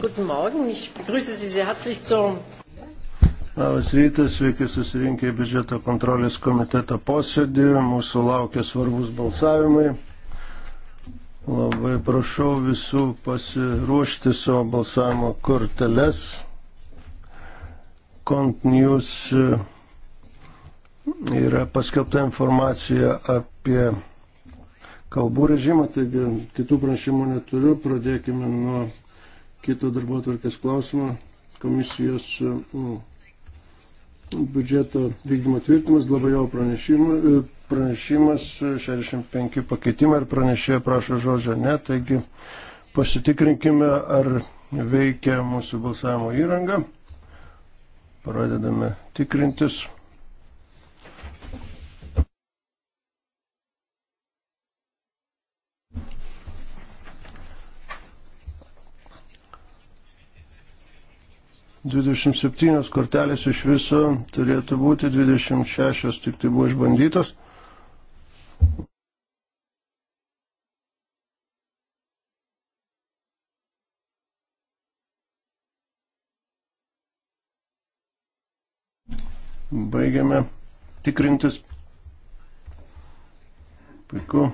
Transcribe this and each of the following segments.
Guten Morgen, ich begrüße Sie sehr herzlich zur. Labas rytas, sveiki susirinkę į biudžeto kontrolės komiteto posėdį. Mūsų laukia svarbus balsavimai. Labai prašau visų pasiruošti savo balsavimo korteles. Kontnews e, yra paskelbta informacija apie kalbų režimą, taigi kitų prašymų neturiu. Pradėkime nuo kitą darbo atvarkės klausimą. Komisijos e, biudžeto vykdymo tvirtimas, labai jau e, pranešimas, pranešimas 65 pakeitimai ir pranešėjo prašo žodžio ne, taigi pasitikrinkime, ar veikia mūsų balsavimo įranga. Pradedame tikrintis. 27 kortelės iš viso turėtų būti, 26 tik tai buvo išbandytos. Baigiame tikrintis. Puiku.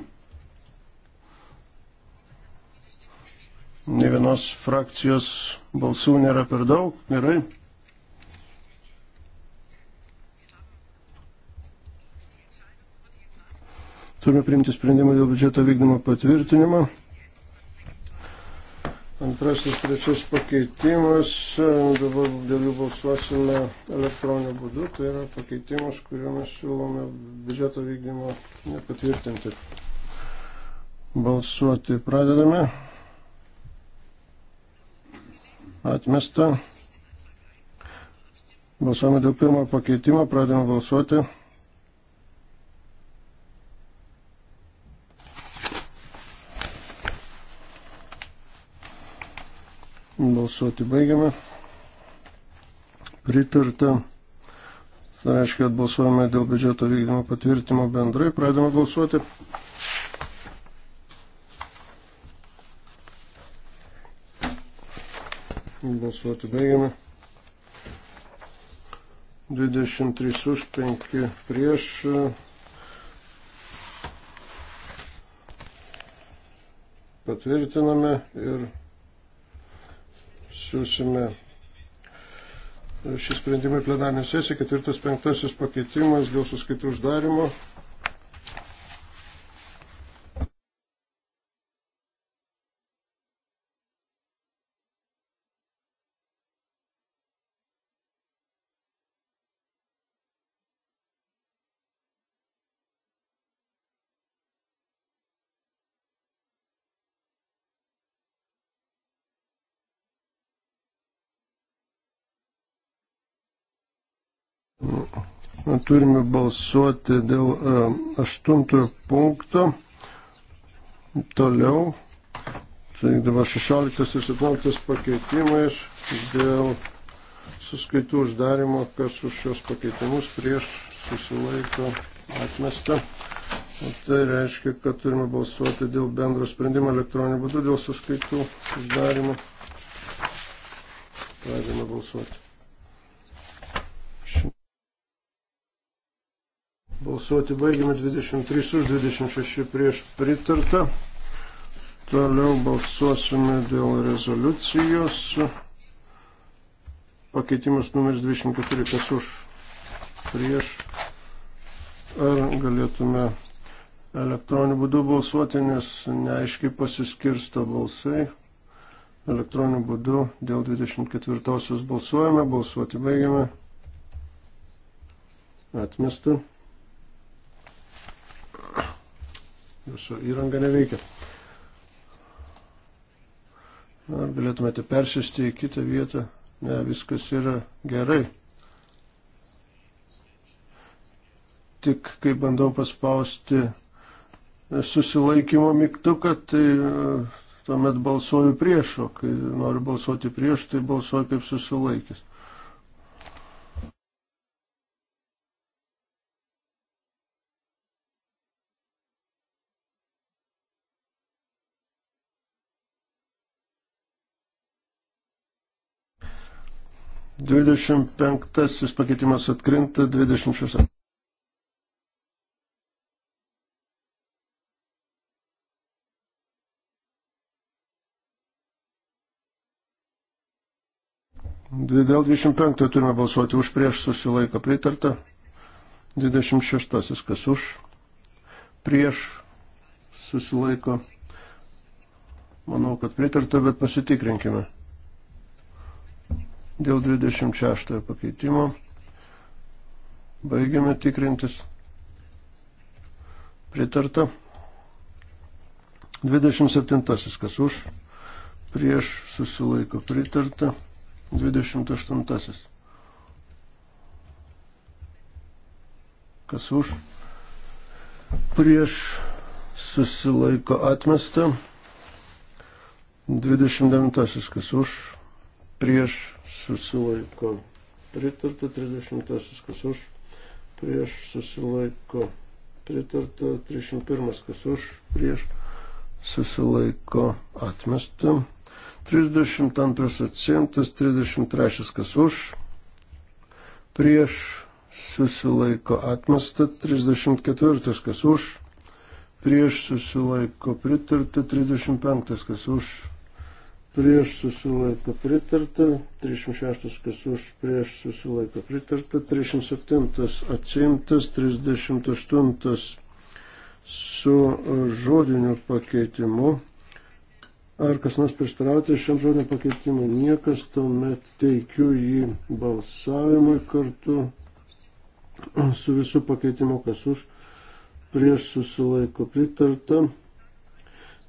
Ne vienos frakcijos balsų nėra per daug. Gerai. Turime priimti sprendimą dėl biudžeto vykdymo patvirtinimo. Antrasis, trečias pakeitimas, dabar dėl jų balsuosime elektroniniu būdu, tai yra pakeitimas, kuriuo mes siūlome biudžeto vykdymo nepatvirtinti. Balsuoti pradedame. Atmesta. Balsuojame dėl pirmo pakeitimo, pradėjome balsuoti. Balsuoti baigiame. Pritarta. Tai reiškia, kad balsuojame dėl biudžeto vykdymo patvirtimo bendrai, pradėjome balsuoti. Balsuoti baigiame. 23 už 5 prieš. Patvirtiname ir siūsime šį sprendimą į plenarinę sesiją. Ketvirtas, penktasis pakeitimas dėl suskaitų uždarimo. turime balsuoti dėl e, aštuntojo punkto. Toliau. Tai dabar 16 ir 17 pakeitimais dėl suskaitų uždarimo, kas už šios pakeitimus prieš susilaiko atmesta. O tai reiškia, kad turime balsuoti dėl bendro sprendimo elektroniniu būdu, dėl suskaitų uždarimo. Pradėjome balsuoti. Balsuoti baigiame 23 už 26 prieš pritartą. Toliau balsuosime dėl rezoliucijos. Pakeitimas numeris 24, kas už prieš. Ar galėtume elektroniniu būdu balsuoti, nes neaiškiai pasiskirsto balsai. Elektroniniu būdu dėl 24 balsuojame, balsuoti baigiame. Atmesta. Jūsų įranga neveikia. Ar galėtumėte persisti į kitą vietą? Ne, viskas yra gerai. Tik kai bandau paspausti susilaikymo mygtuką, tai uh, tuomet balsuoju prieš, o kai noriu balsuoti prieš, tai balsuoju kaip susilaikęs. 25 pakeitimas atkrinta 26. Dėl 25 turime balsuoti už prieš susilaiko pritarta. 26 kas už prieš susilaiko. Manau, kad pritarta, bet pasitikrinkime. Dėl 26 pakeitimo baigiame tikrintis. Pritarta. 27. Kas už? Prieš susilaiko pritarta. 28. Kas už? Prieš susilaiko atmesta. 29. Kas už? prieš susilaiko pritarta, 30 kas už, prieš susilaiko pritarta, 31 kas už, prieš susilaiko atmesta, 32 atsiemtas, 33 kas už, prieš susilaiko atmesta, 34 kas už, prieš susilaiko pritarta, 35 kas už prieš susilaiko pritarta, 36 kas už prieš susilaiko pritarta, 37 atsimtas, 38 su e, žodiniu pakeitimu. Ar kas nors prieštarauti šiam žodiniu pakeitimui? Niekas, tuomet teikiu jį balsavimui kartu su visų pakeitimu, kas už prieš susilaiko pritarta.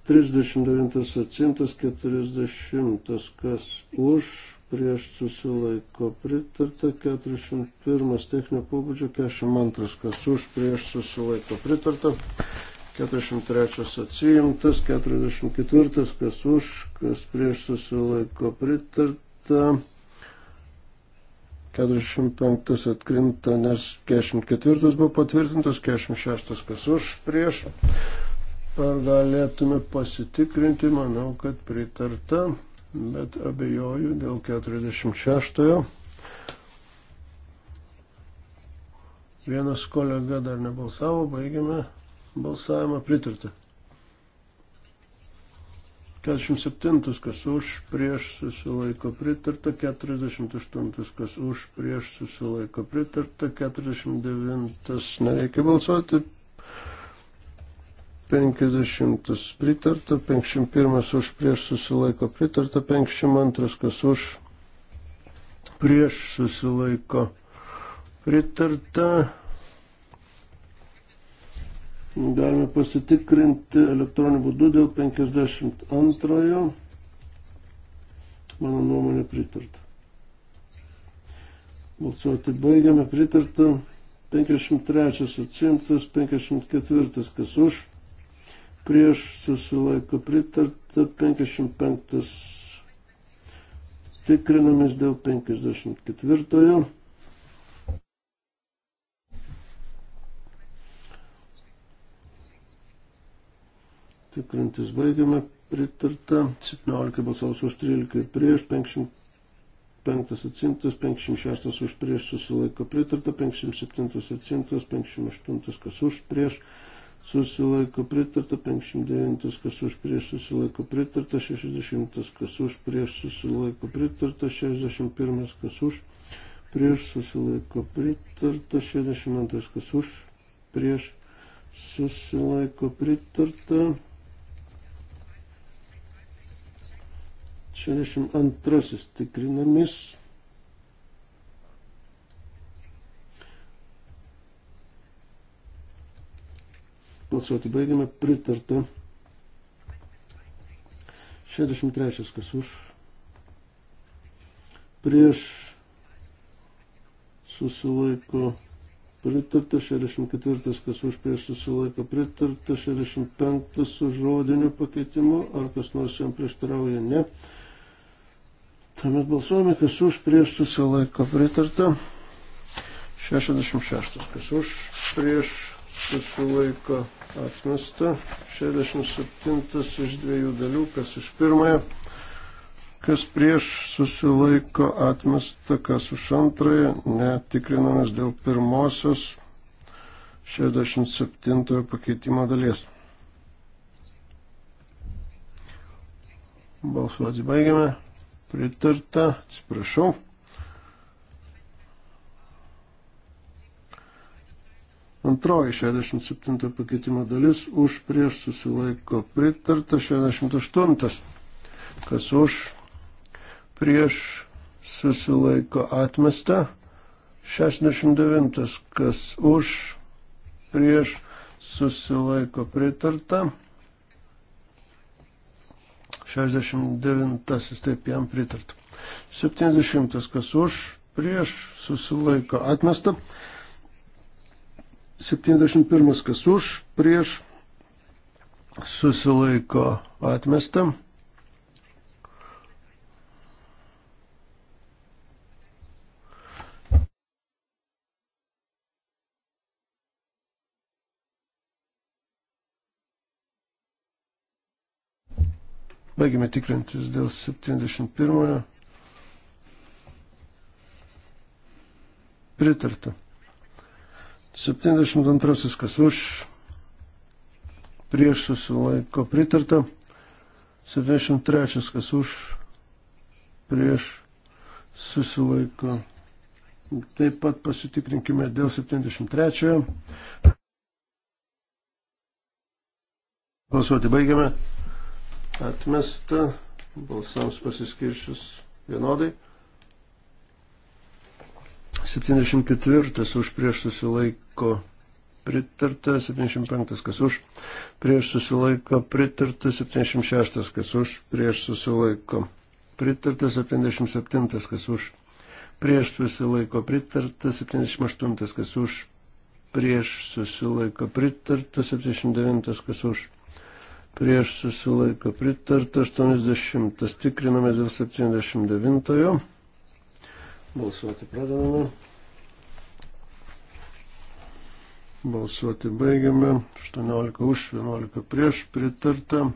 39 atsimtas, 40 kas už, prieš susilaiko pritarta, 41 techninio pobūdžio, 42 kas už, prieš susilaiko pritarta, 43 atsijimtas, 44 kas už, kas prieš susilaiko pritarta. 45 atkrinta, nes 44 buvo patvirtintas, 46 kas už prieš Ar galėtume pasitikrinti, manau, kad pritarta, bet abejoju dėl 46-ojo. Vienas kolega dar nebalsavo, baigiame balsavimą pritartą. 47 kas už, prieš susilaiko pritarta, 48 kas už, prieš susilaiko pritarta, 49 nereikia balsuoti, 50 pritarta, 51 už prieš susilaiko pritarta, 52 kas už prieš susilaiko pritarta. Galime pasitikrinti elektroniniu būdu dėl 52. Mano nuomonė pritarta. Balsuoti baigiame, pritarta. 53 atsimtas, 54 kas už prieš susilaiko pritarta 55 tikrinamis dėl 54. Tikrintis baigiame pritarta 17 balsaus už 13 prieš 55 atsimtas 56 už prieš susilaiko pritarta 57 atsimtas 58 kas už prieš susilaiko pritarta, 59 kas už prieš susilaiko pritarta, 60 kas už prieš susilaiko pritarta, 61 kas už prieš susilaiko pritarta, 62 kas už prieš susilaiko pritarta. 62 tikrinamis. Balsuoti baigiame. Pritarta. 63 kas už. Prieš susilaiko pritarta, 64 kas už prieš susilaiko pritarta, 65 su žodiniu pakeitimu, ar kas nors jam prieštarauja, ne. Tuomet balsuojame, kas už prieš susilaiko pritarta, 66 kas už prieš susilaiko pritarta atmesta. 67 iš dviejų dalių, kas iš pirmojo, kas prieš susilaiko atmesta, kas už antrąją, netikrinamas dėl pirmosios 67 pakeitimo dalies. Balsuoti baigiame. Pritarta, atsiprašau. Antroji 67 pakeitimo dalis už prieš susilaiko pritarta 68. Kas už prieš susilaiko atmesta 69. Kas už prieš susilaiko pritarta 69. Taip jam pritarta. 70. Kas už prieš susilaiko atmesta. 71 kas už, prieš susilaiko atmestą. Baigime tikrintis dėl 71. Pritarta. 72 kas už, prieš susilaiko pritarta, 73 kas už, prieš susilaiko. Taip pat pasitikrinkime dėl 73. Balsuoti baigiame. Atmesta balsams pasiskiršius vienodai. 74 už prieš susilaiko pritarta, 75 kas už, prieš susilaiko pritarta, 76 kas už, prieš susilaiko pritarta, 77 kas už, prieš susilaiko pritarta, 78 kas už, prieš susilaiko pritarta, 79 kas už, prieš susilaiko pritarta, 80 tikrinamės dėl 79. Balsuoti pradedame. Balsuoti baigiame. 18 už, 11 prieš pritarta.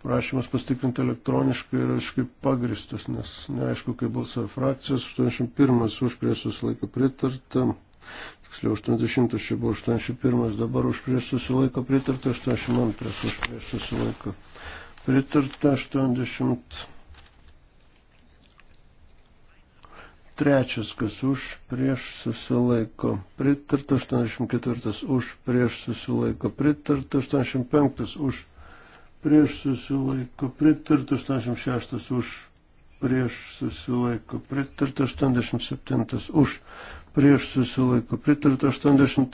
Prašymas pastikrinti elektroniškai yra kažkaip pagristas, nes neaišku, kaip balsuoja frakcijos. 81 už prieš susilaiko pritarta. Tiksliau, 80 čia buvo 81, dabar už prieš susilaiko pritarta, 82 už prieš susilaiko pritarta, 80. trečias, kas už prieš susilaiko pritarta, 84 už prieš susilaiko pritarta, 85 už prieš susilaiko pritarta, 86 už prieš susilaiko pritarta, 87 už prieš susilaiko pritarta, 88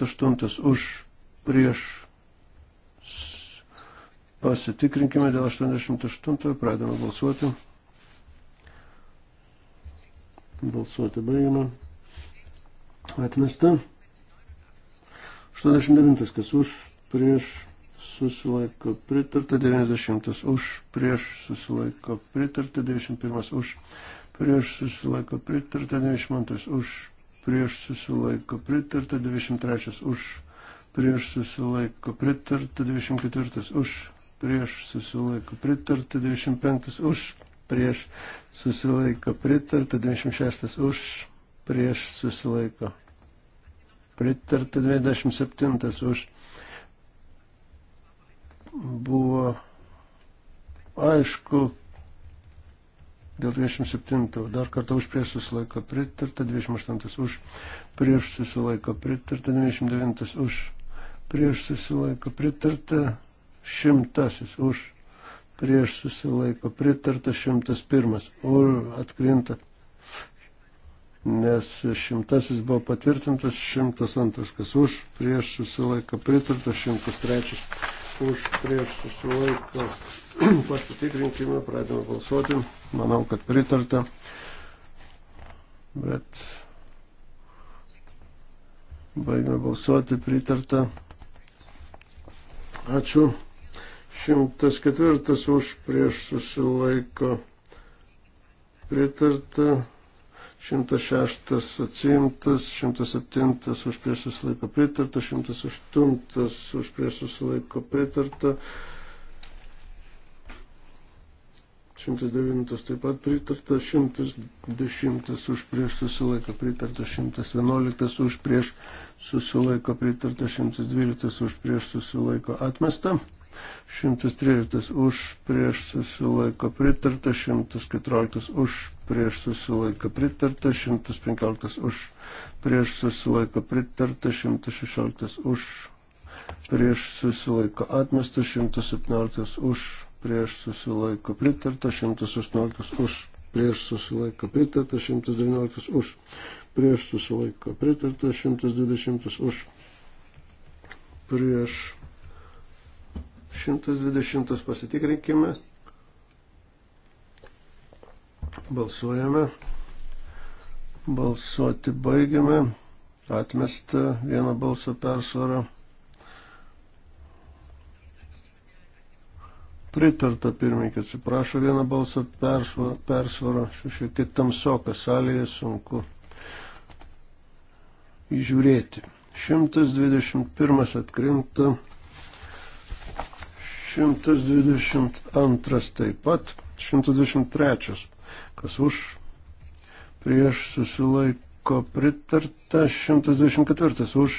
už prieš pasitikrinkime dėl 88, pradame balsuoti. Balsuoti baigiame. Atmesta. 89. Kas už, prieš, susilaiko pritarta. 90. Už, prieš, susilaiko pritarta. 91. Už, prieš, susilaiko pritarta. 92. Už, prieš, susilaiko pritarta. 93. Už, prieš, susilaiko pritarta. 24. Už, prieš, susilaiko pritarta. 25. Už, prieš susilaiko pritarta, 26 už, prieš susilaiko pritarta, 27 už buvo aišku dėl 27 dar kartą už prieš susilaiko pritarta, 28 už prieš susilaiko pritarta, 29 už prieš susilaiko pritarta, šimtasis už prieš susilaiko, pritarta 101, už atkrinta, nes šimtasis buvo patvirtintas, 102, kas už, prieš susilaiko, pritarta 103, už, prieš susilaiko, pasitikrinkime, pradėjome balsuoti, manau, kad pritarta, bet baigime balsuoti, pritarta. Ačiū. 104 už prieš susilaiko pritarta, 106 atsiimtas, 107 už prieš susilaiko pritarta, 108 už prieš susilaiko pritarta, 109 taip pat pritarta, 110 už prieš susilaiko pritarta, 111 už prieš susilaiko pritarta, 112 už prieš susilaiko atmesta. 113 už prieš susilaiko pritarta, 114 už prieš susilaiko pritarta, 115 už prieš susilaiko pritarta, 116 už prieš susilaiko atmestas, 117 už prieš susilaiko pritarta, 118 už prieš susilaiko pritarta, 119 už prieš susilaiko pritarta, 120 už prieš 120 pasitikrinkime. Balsuojame. Balsuoti baigiame. Atmesta vieno balso persvara. Pritarta pirmininkė, atsiprašo vieną balsą persvarą, šiek tiek tamsoka salėje sunku įžiūrėti. 121 atkrinta, 122 taip pat, 123, kas už, prieš susilaiko pritarta, 124 už,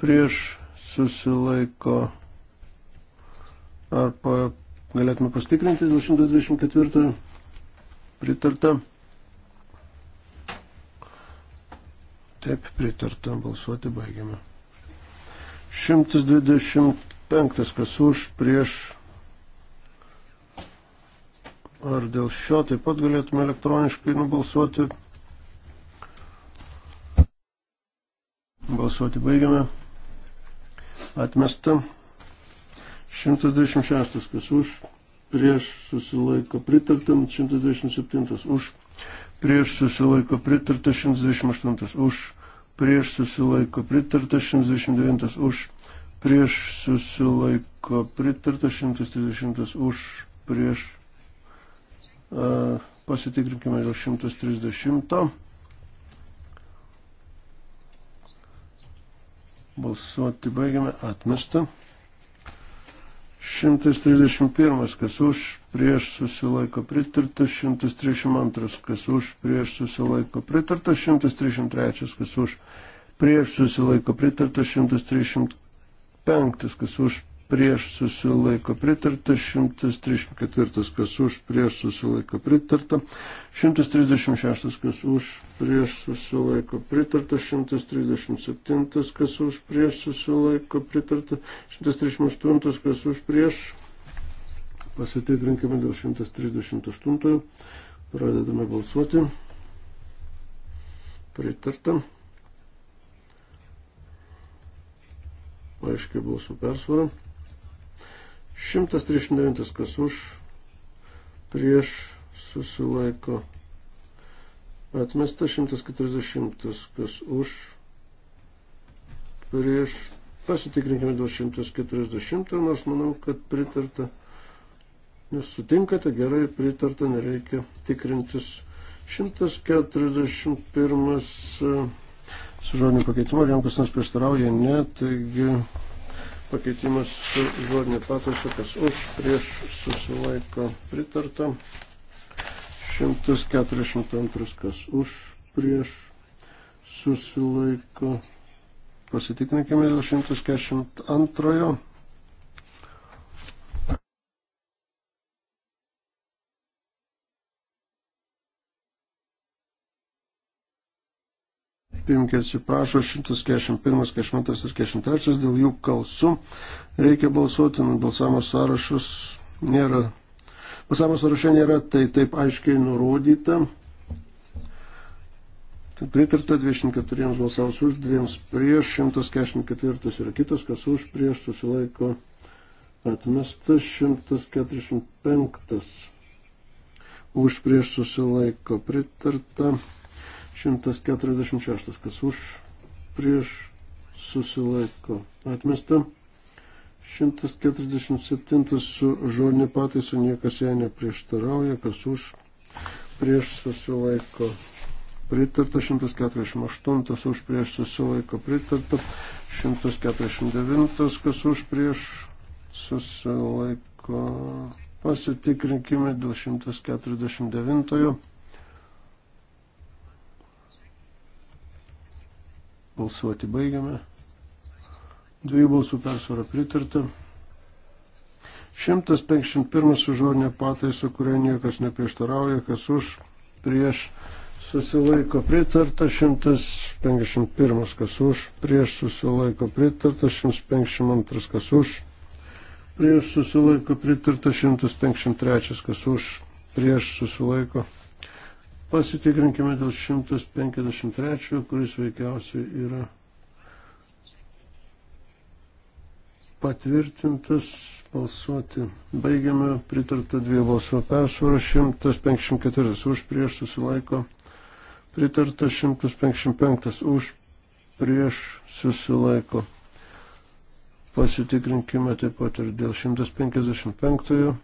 prieš susilaiko, ar pa, galėtume pastikrinti dėl 124 pritarta. Taip, pritarta, balsuoti baigiame. 120 Penktas, kas už, prieš. Ar dėl šio taip pat galėtume elektroniškai nubalsuoti? Balsuoti baigiame. Atmesta. 126, kas už, prieš susilaiko pritartam, 127 už, prieš susilaiko pritarta, 128 už, prieš susilaiko pritarta, 129 už prieš susilaiko pritarta, 130 už prieš. A, pasitikrinkime dėl 130. Balsuoti baigiame, atmesta. 131, kas už, prieš susilaiko pritartas, 132, kas už, prieš susilaiko pritartas, 133, kas už, prieš susilaiko pritartas, 134, 135, kas už prieš susilaiko pritarta, 134, kas už prieš susilaiko pritarta, 136, kas už prieš susilaiko pritarta, 137, kas už prieš susilaiko pritarta, 138, kas už prieš. Pasitikrinkime dėl 138. Pradedame balsuoti. Pritarta. aiškiai balsų persvarą. 139 kas už, prieš susilaiko atmesta, 140 kas už, prieš pasitikrinkime 240, nors manau, kad pritarta. Nes sutinkate gerai, pritarta, nereikia tikrintis. 141 su žodiniu pakeitimu, ar jam kas nors prieštarauja, ne, taigi pakeitimas su žodinė pataisa, kas už, prieš susilaiko pritarta, 142, kas už, prieš susilaiko, pasitikrinkime dėl 142. pirmkė atsiprašo, 141, 42 ir 43, dėl jų kalsų reikia balsuoti, nu, balsavimo sąrašus nėra, balsavimo sąraše nėra, tai taip aiškiai nurodyta. Tai pritarta 24 balsavus už, 2 prieš, 144 yra kitas, kas už, prieš, susilaiko atmestas 145 už prieš susilaiko pritarta 146, kas už, prieš, susilaiko, atmesta. 147 su žodinė pataisa, niekas ją neprieštarauja, kas už, prieš, susilaiko, pritarta. 148 už, prieš, susilaiko, pritarta. 149, kas už, prieš, susilaiko. Pasitikrinkime dėl 149. Balsuoti baigiame. Dviejų balsų persvara pritarta. 151 sužodinė pataisa, kuriai niekas neprieštarauja, kas už, prieš, susilaiko pritarta. 151 kas už, prieš, susilaiko pritarta. 152 kas už, prieš, susilaiko pritarta. 153 kas už, prieš, susilaiko pritarta Pasitikrinkime dėl 153, kuris veikiausiai yra patvirtintas balsuoti. Baigiame pritartą dviejų balsų persvarą 154 už prieš susilaiko. Pritarta 155 už prieš susilaiko. Pasitikrinkime taip pat ir dėl 155.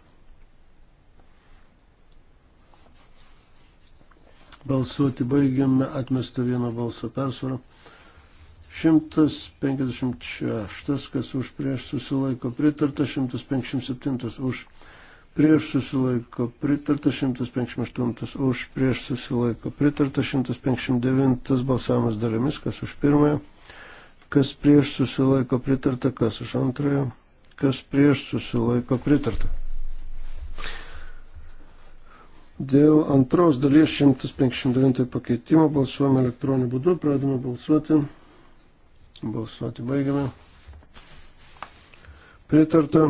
Balsuoti baigiame, atmesta vieno balso persvara. 156, kas už prieš susilaiko pritarta, 157 už prieš susilaiko pritarta, 158 už prieš susilaiko pritarta, 159 balsavimas dalimis, kas už pirmąją, kas prieš susilaiko pritarta, kas už antrąją, kas prieš susilaiko pritarta. Dėl antros dalies 159 pakeitimo balsuojame elektroniniu būdu, pradame balsuoti. Balsuoti baigiame. Pritarta.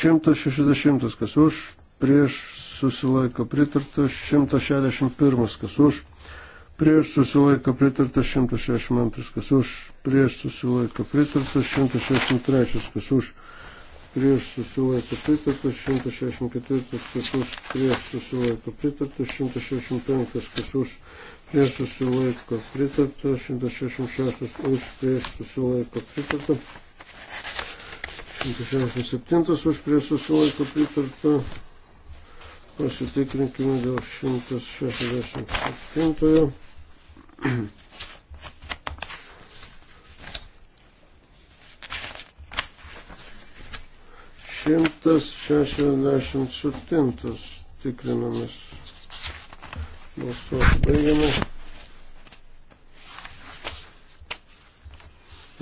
160 kas už, prieš susilaiko pritarta, 161 kas už, prieš susilaiko pritarta, 162 kas už, prieš susilaiko pritarta, 163 kas už prieš susilaiko pritartas, 164 kas už prieš susilaiko pritartas, 165 kas už prieš susilaiko pritartas, 166 už prieš susilaiko pritartas, 167 už prieš susilaiko pritartas. Pasitikrinkime dėl 167. 167 tikrinamas. Balsuoti baigiame.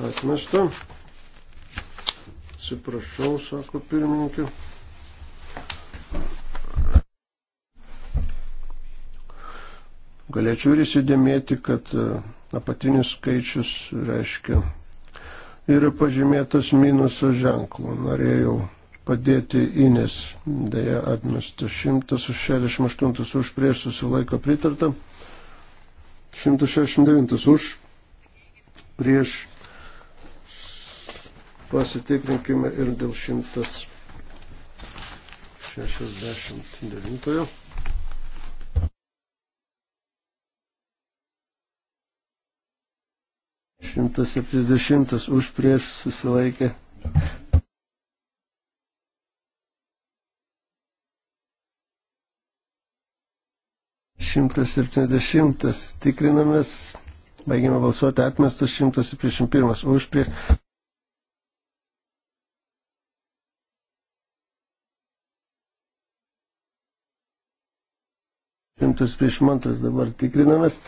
Atmesta. Atsiprašau, sako pirmininkė. Galėčiau ir įsidėmėti, kad e, apatinis skaičius reiškia ir pažymėtas minuso ženklu. Norėjau padėti Ines. Deja, atmestas 168 už prieš susilaiko pritarta. 169 už prieš pasitikrinkime ir dėl 169. Šimtas septyniasdešimtas už prieš susilaikė 170. Tikrinamės. Baigėme balsuoti. Atmestas 171. Už prie. Šimtas prieš mantras dabar tikrinamės.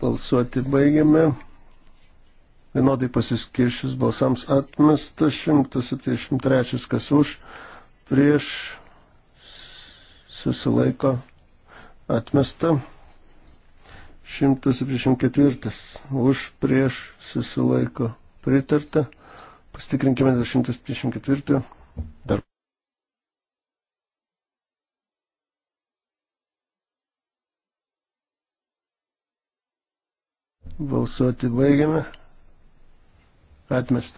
Balsuoti baigiame vienodai pasiskiršius balsams atmesta 173, kas už, prieš susilaiko atmesta 174, už, prieš susilaiko pritarta. Pastikrinkime 174. Dar balsuoti baigiame atmest.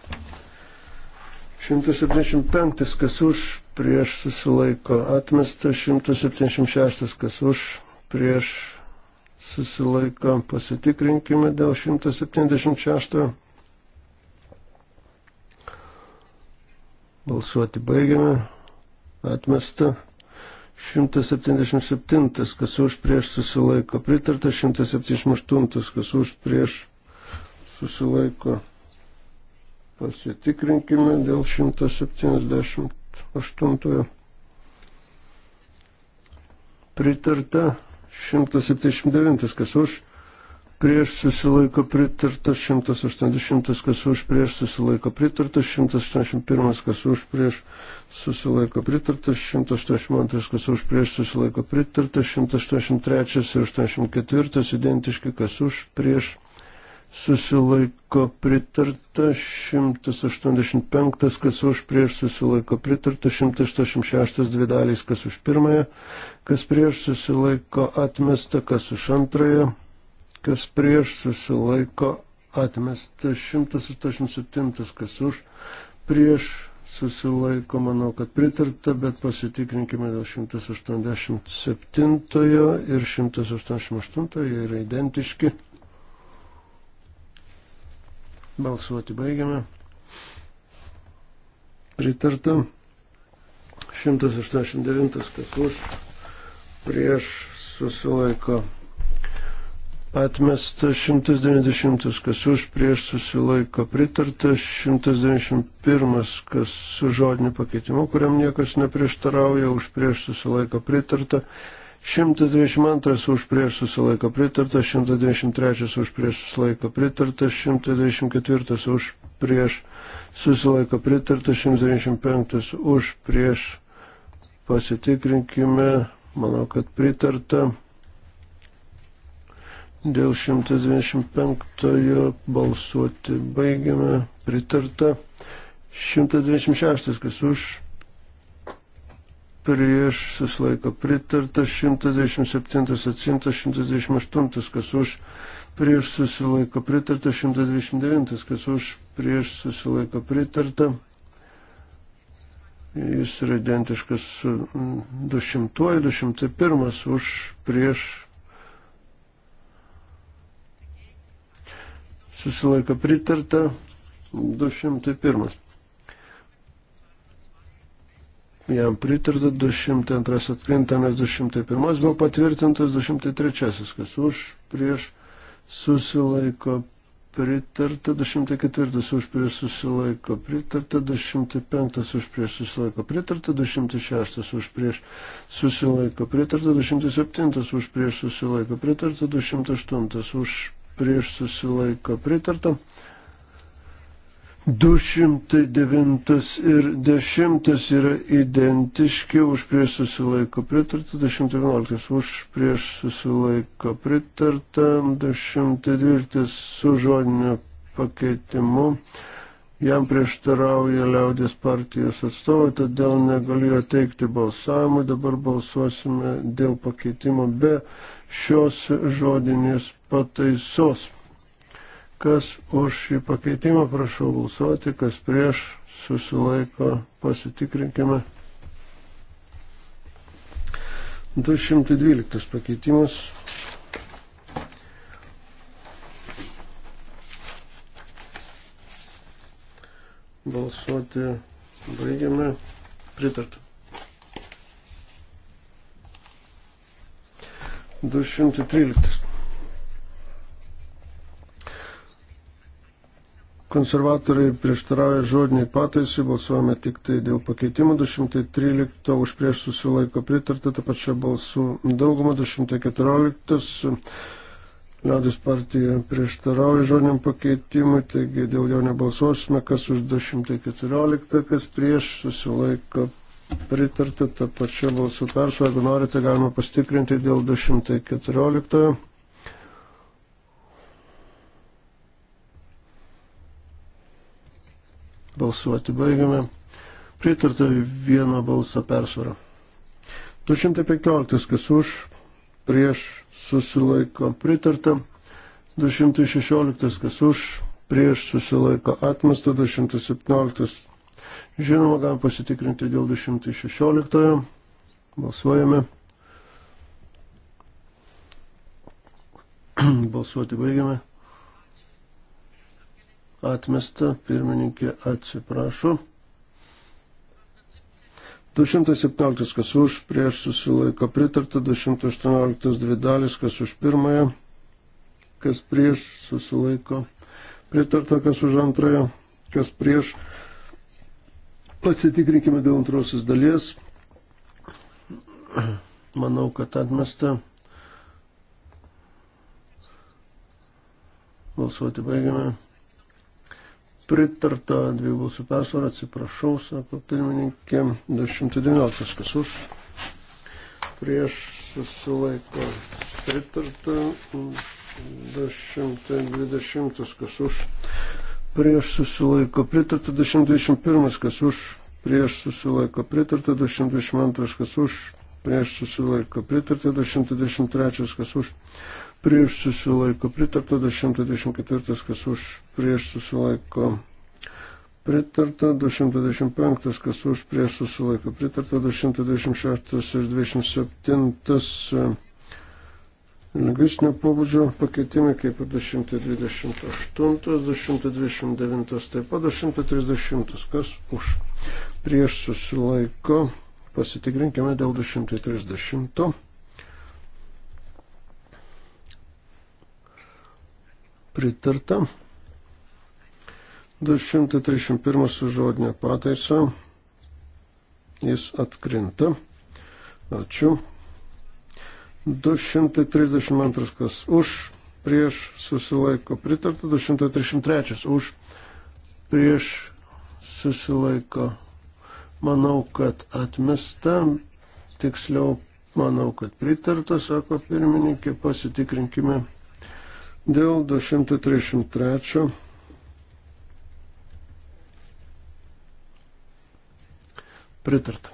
175 kas už, prieš susilaiko atmesta, 176 kas už, prieš susilaiko pasitikrinkime dėl 176. Balsuoti baigiame, atmesta. 177, kas už prieš susilaiko, pritarta 178, kas už prieš susilaiko Pasitikrinkime dėl 178. Pritarta 179, kas už prieš susilaiko pritartas 180, kas už prieš susilaiko pritartas 181, kas už prieš susilaiko pritartas 182, kas už prieš susilaiko pritartas 183 ir 84, identiški, kas už prieš susilaiko pritarta 185, kas už prieš susilaiko pritarta 186 dvi dalys, kas už pirmąją, kas prieš susilaiko atmesta, kas už antrąją, kas prieš susilaiko atmesta 187, kas už prieš susilaiko, manau, kad pritarta, bet pasitikrinkime dėl 187 ir 188 yra identiški. Balsuoti baigiame. Pritarta. 189 kas už prieš susilaiko. Atmesta 190 kas už prieš susilaiko. Pritarta 191 kas su žodiniu pakeitimu, kuriam niekas neprieštarauja, už prieš susilaiko pritarta. 122 už prieš susilaiko pritarta, 123 už prieš susilaiko pritarta, 124 už prieš susilaiko pritarta, 125 už prieš pasitikrinkime, manau, kad pritarta. Dėl 125 balsuoti baigiame, pritarta. 126, kas už prieš susilaiko pritarta, 127 atsimtas, 128 kas už, prieš susilaiko pritarta, 129 kas už, prieš susilaiko pritarta. Jis yra identiškas su 200, mm, 201 už prieš susilaiko pritarta, 201. jam pritarta 202 atkrintamas, 201 buvo patvirtintas, 203 kas už, prieš susilaiko pritarta, 204 už, prieš susilaiko pritarta, 205 už, prieš susilaiko pritarta, 206 už, prieš susilaiko pritarta, 207 už, prieš susilaiko pritarta, 208 už, prieš susilaiko pritarta. 209 ir 10 yra identiški, už prieš susilaiko pritarta, 211 už prieš susilaiko pritarta, 212 su žodiniu pakeitimu. Jam prieštarauja liaudės partijos atstovai, todėl negalėjo teikti balsavimų. Dabar balsuosime dėl pakeitimo be šios žodinės pataisos. Kas už šį pakeitimą, prašau balsuoti, kas prieš, susilaiko, pasitikrinkime. 212 pakeitimas. Balsuoti baigiame. Pritarta. 213. Konservatoriai prieštarauja žodiniai pataisai, balsuojame tik tai dėl pakeitimų 213, už prieš susilaiko pritarta, ta pačia balsų dauguma 214. Liaudis partija prieštarauja žodiniam pakeitimui, taigi dėl jo nebalsuosime, kas už 214, kas prieš susilaiko pritarta, ta pačia balsų persvara, jeigu norite, galima pastikrinti dėl 214. Balsuoti baigiame. Pritarta vieno balso persvara. 215 kas už, prieš susilaiko pritarta. 216 kas už, prieš susilaiko atmesta. 217. Žinoma, galime pasitikrinti dėl 216. Balsuojame. Balsuoti baigiame atmesta, pirmininkė atsiprašo. 217, kas už, prieš susilaiko pritarta, 218, dvi dalis, kas už pirmąją, kas prieš susilaiko pritarta, kas už antrąją, kas prieš. Pasitikrinkime dėl antrosios dalies. Manau, kad atmesta. Balsuoti baigiame pritarta dviejų balsų persvarą, atsiprašau, sako pirmininkė, 219, kas už, prieš susilaiko pritarta, 220, kas už, prieš susilaiko pritarta, 221, kas už, prieš susilaiko pritarta, 222, kas už, prieš susilaiko pritarta, 223, kas už, prieš susilaiko pritarta, 224 kas už prieš susilaiko pritarta, 225 kas už prieš susilaiko pritarta, 226 ir 227 e, lingvistinio pobūdžio pakeitimai, kaip ir 228, 229, taip pat 230 kas už prieš susilaiko. Pasitikrinkime dėl 230. pritarta. 231 su žodinė pataisa. Jis atkrinta. Ačiū. 232 kas už, prieš susilaiko pritarta. 233 už, prieš susilaiko. Manau, kad atmesta. Tiksliau, manau, kad pritarta, sako pirmininkė. Pasitikrinkime. Dėl 233 pritarta.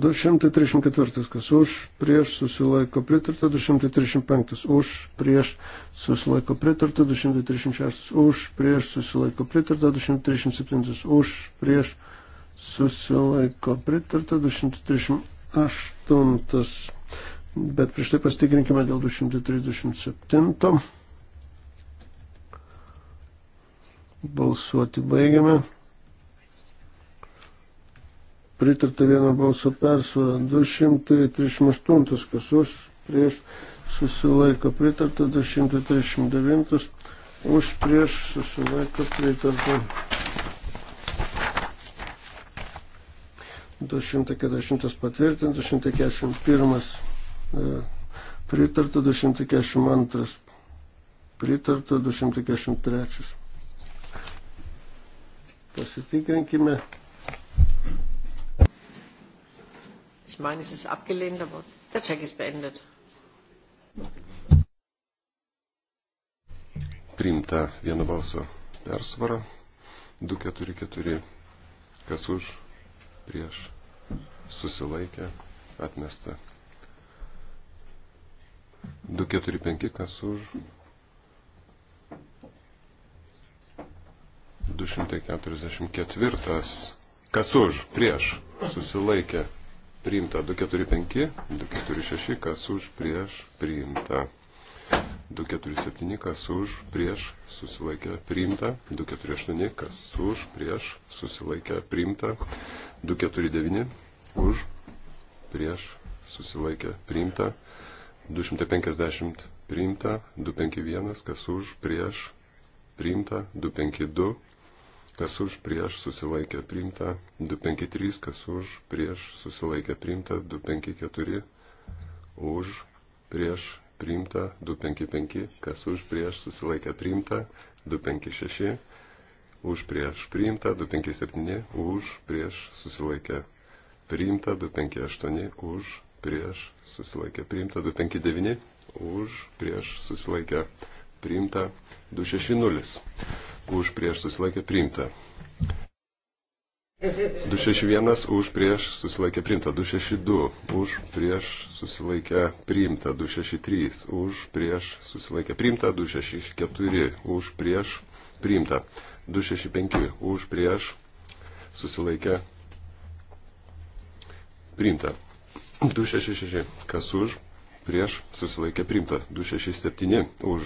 234, kas už, prieš susilaiko pritarta, 235, už, prieš susilaiko pritarta, 236, už, prieš susilaiko pritarta, 237, už, prieš susilaiko pritarta, 238 Bet prieš tai pastikrinkime dėl 237. Balsuoti baigiame. Pritarta vieno balso persvara. 238, kas už, prieš susilaiko. Pritarta 239, už, prieš susilaiko. Pritarta 240 patvirtintas, 241 E, pritarta 242. Pritarta 243. Pasitikrinkime. Ich meine, es ist abgelehnt, aber der Check ist beendet. Priimta vieno balso persvara. 244. Kas už, prieš, susilaikė, atmesta. 245, kas už. 244. Kas už, prieš, susilaikė, priimta 245, 246, kas už, prieš, priimta. 247, kas už, prieš, susilaikė, priimta. 248, kas už, prieš, susilaikė, priimta. 249, už, prieš, susilaikė, priimta. 250, 250 priimta, 251, kas už, prieš, priimta, 252, kas už, prieš, susilaikė, priimta, 253, kas už, prieš, susilaikė, priimta, 254, už, prieš, priimta, 255, kas už, prieš, susilaikė, priimta, 256, už, prieš, priimta, 257, už, prieš, susilaikė, priimta, 258, už, prieš susilaikę priimta, 259 už prieš susilaikę priimta, 260 už prieš susilaikę priimta. 261 už prieš susilaikę priimta, 262 už prieš susilaikę priimta, 263 už prieš susilaikę priimta, 264 už prieš priimta, 265 už prieš susilaikę priimta. 266. Kas už, prieš susilaikė priimta. 267. Už,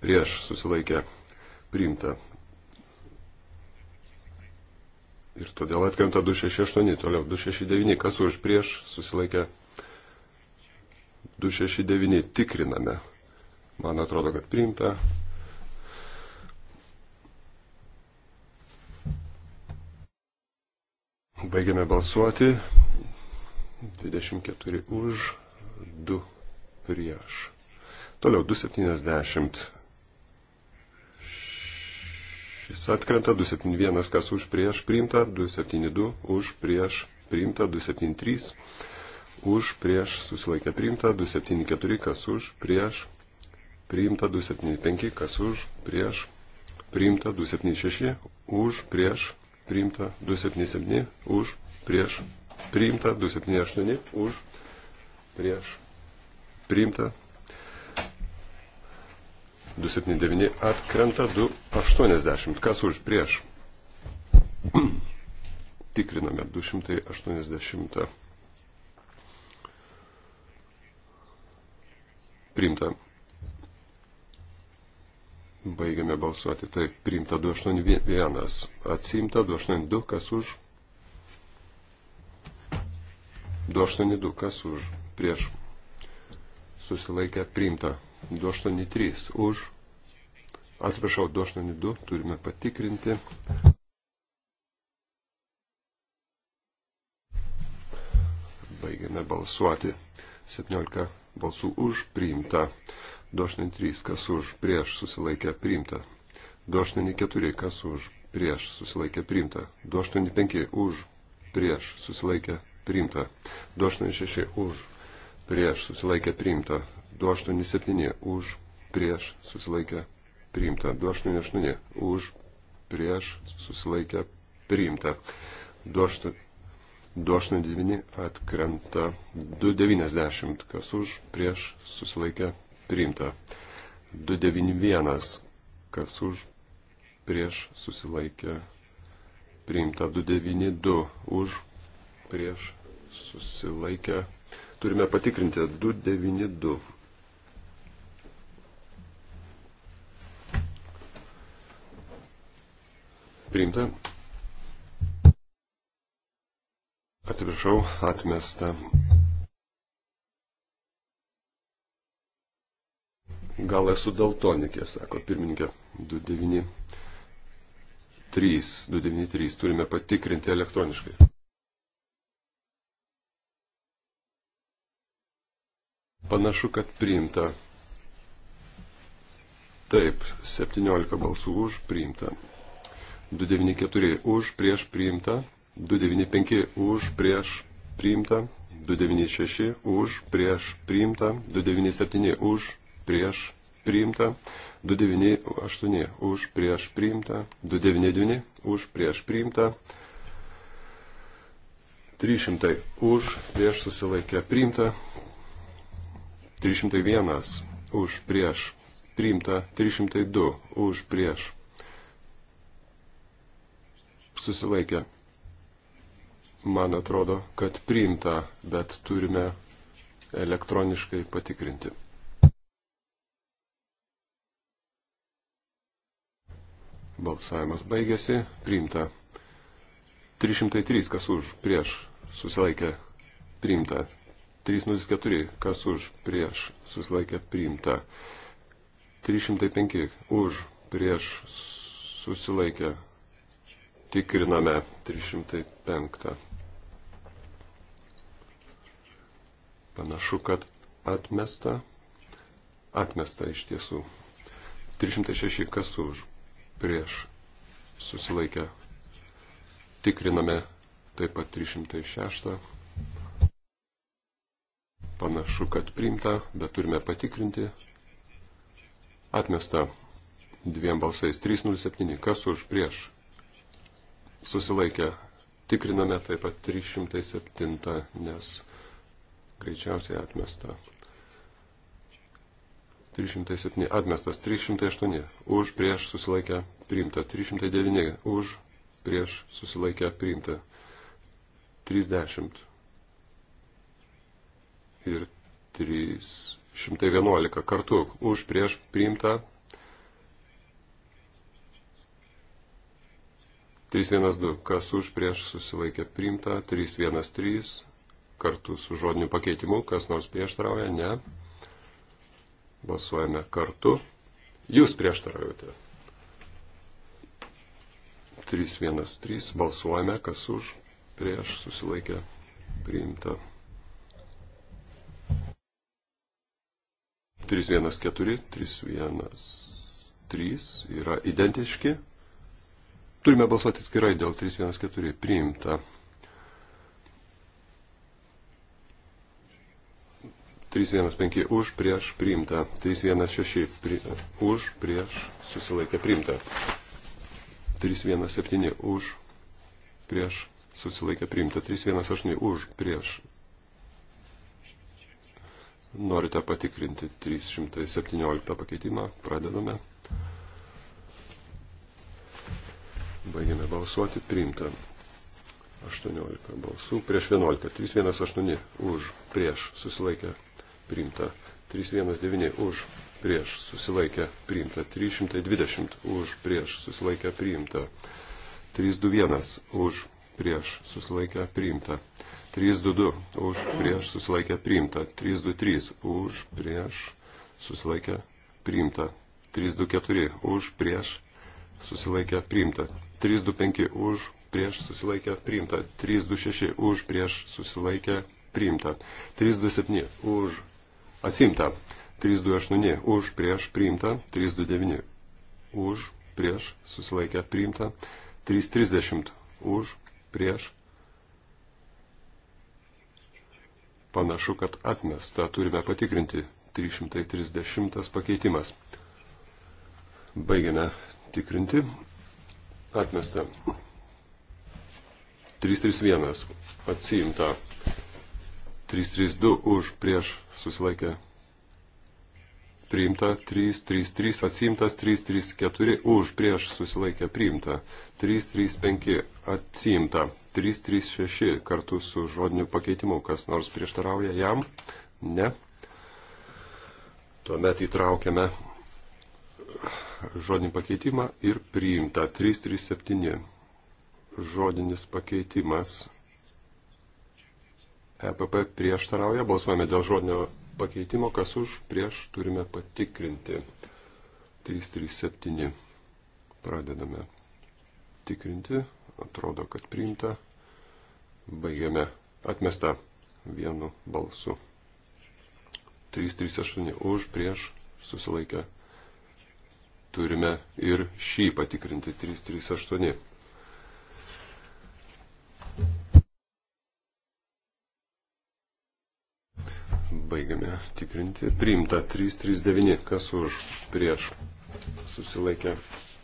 prieš susilaikė priimta. Ir todėl atkrenta 268. Toliau 269. Kas už, prieš susilaikė 269. Tikriname. Man atrodo, kad priimta. Baigiame balsuoti. 24 už, 2 prieš. Toliau 270. Šis atkrenta 271, kas už prieš priimta, 272 už prieš priimta, 273 už prieš susilaikę priimta, 274 kas už prieš priimta, 275 kas už prieš priimta, 276 už prieš priimta, 277 už prieš priimta, 278 už, prieš priimta, 279 atkrenta, 280. Kas už prieš? Tikriname 280. Priimta. Baigiame balsuoti. Taip, priimta 281. Atsimta 282. Kas už? 282 kas už, prieš susilaikę priimta. 283 už, atsiprašau, 282 turime patikrinti. Baigiame balsuoti. 17 balsų už priimta. 283 kas už, prieš susilaikę priimta. 284 kas už, prieš susilaikę priimta. 285 už, prieš susilaikę priimta. 286 už, prieš susilaikė priimta. 287 už, prieš susilaikė priimta. 288 už, prieš susilaikė priimta. 289 atkrenta. 290 kas už, prieš susilaikė priimta. 291 kas už, prieš susilaikė priimta. 292 už, prieš susilaikę. Turime patikrinti 292. Priimta. Atsiprašau, atmesta. Gal esu daltonikė, sako pirmininkė 293. 293 turime patikrinti elektroniškai. Panašu, kad priimta. Taip, 17 balsų už priimta. 294 už prieš priimta. 295 už prieš priimta. 296 už prieš priimta. 297 už prieš priimta. 298 už prieš priimta. 299 už prieš priimta. 300 už prieš susilaikę priimta. 301 už prieš. Priimta 302 už prieš. Susilaikė. Man atrodo, kad priimta, bet turime elektroniškai patikrinti. Balsavimas baigėsi, priimta 303, kas už, prieš, susilaikė, priimta 304, kas už, prieš, susilaikė priimta. 305, už, prieš, susilaikė. Tikriname 305. Panašu, kad atmesta. Atmesta iš tiesų. 306, kas už, prieš, susilaikė. Tikriname taip pat 306. Panašu, kad priimta, bet turime patikrinti. Atmesta dviem balsais 307, kas už prieš. Susilaikę tikriname taip pat 307, nes greičiausiai atmesta. 307 atmestas, 308 už prieš susilaikę priimta, 309 už prieš susilaikę priimta, 30 ir 311 kartų už prieš priimta 312, kas už prieš susilaikė priimta 313 kartu su žodiniu pakeitimu, kas nors prieštarauja, ne. Balsuojame kartu. Jūs prieštaraujate. 313 balsuojame, kas už prieš susilaikė priimta 313. 314, 313 yra identiški. Turime balsuoti skirai dėl 314 priimta. 315 už, prieš, priimta. 316 pri, už, prieš, susilaikė, priimta. 317 už, prieš, susilaikė, priimta. 318 už, prieš, Norite patikrinti 317 pakeitimą. Pradedame. Baigiame balsuoti. Priimta 18 balsų. Prieš 11. 318 už. Prieš. Susilaikė. Priimta. 319 už. Prieš. Susilaikė. Priimta. 320 už. Prieš. Susilaikė. Priimta. 321 už. Prieš. Susilaikė. Priimta. 321, 322 už prieš susilaikę priimta. 323 už prieš susilaikę priimta. 324 už prieš susilaikę priimta. 325 už prieš susilaikę priimta. 326 už prieš susilaikę priimta. 327 už atsimta. 328 už prieš priimta. 329 už prieš susilaikę priimta. 330 už prieš Panašu, kad atmesta. Turime patikrinti 330 pakeitimas. Baigiame tikrinti. Atmesta. 331 atsiimta. 332 už prieš susilaikę. Priimta 333 atsiimtas 334 už prieš susilaikę priimta. 335 atsiimta. 336 kartu su žodiniu pakeitimu. Kas nors prieštarauja jam? Ne. Tuomet įtraukiame žodinį pakeitimą ir priimta 337 žodinis pakeitimas. EPP prieštarauja, balsuojame dėl žodinio pakeitimo, kas už, prieš turime patikrinti. 337 pradedame tikrinti. Atrodo, kad priimta. Baigiame atmestą vienu balsu. 338 už, prieš, susilaikę. Turime ir šį patikrinti 338. Baigiame tikrinti. Priimta 339, kas už, prieš, susilaikę,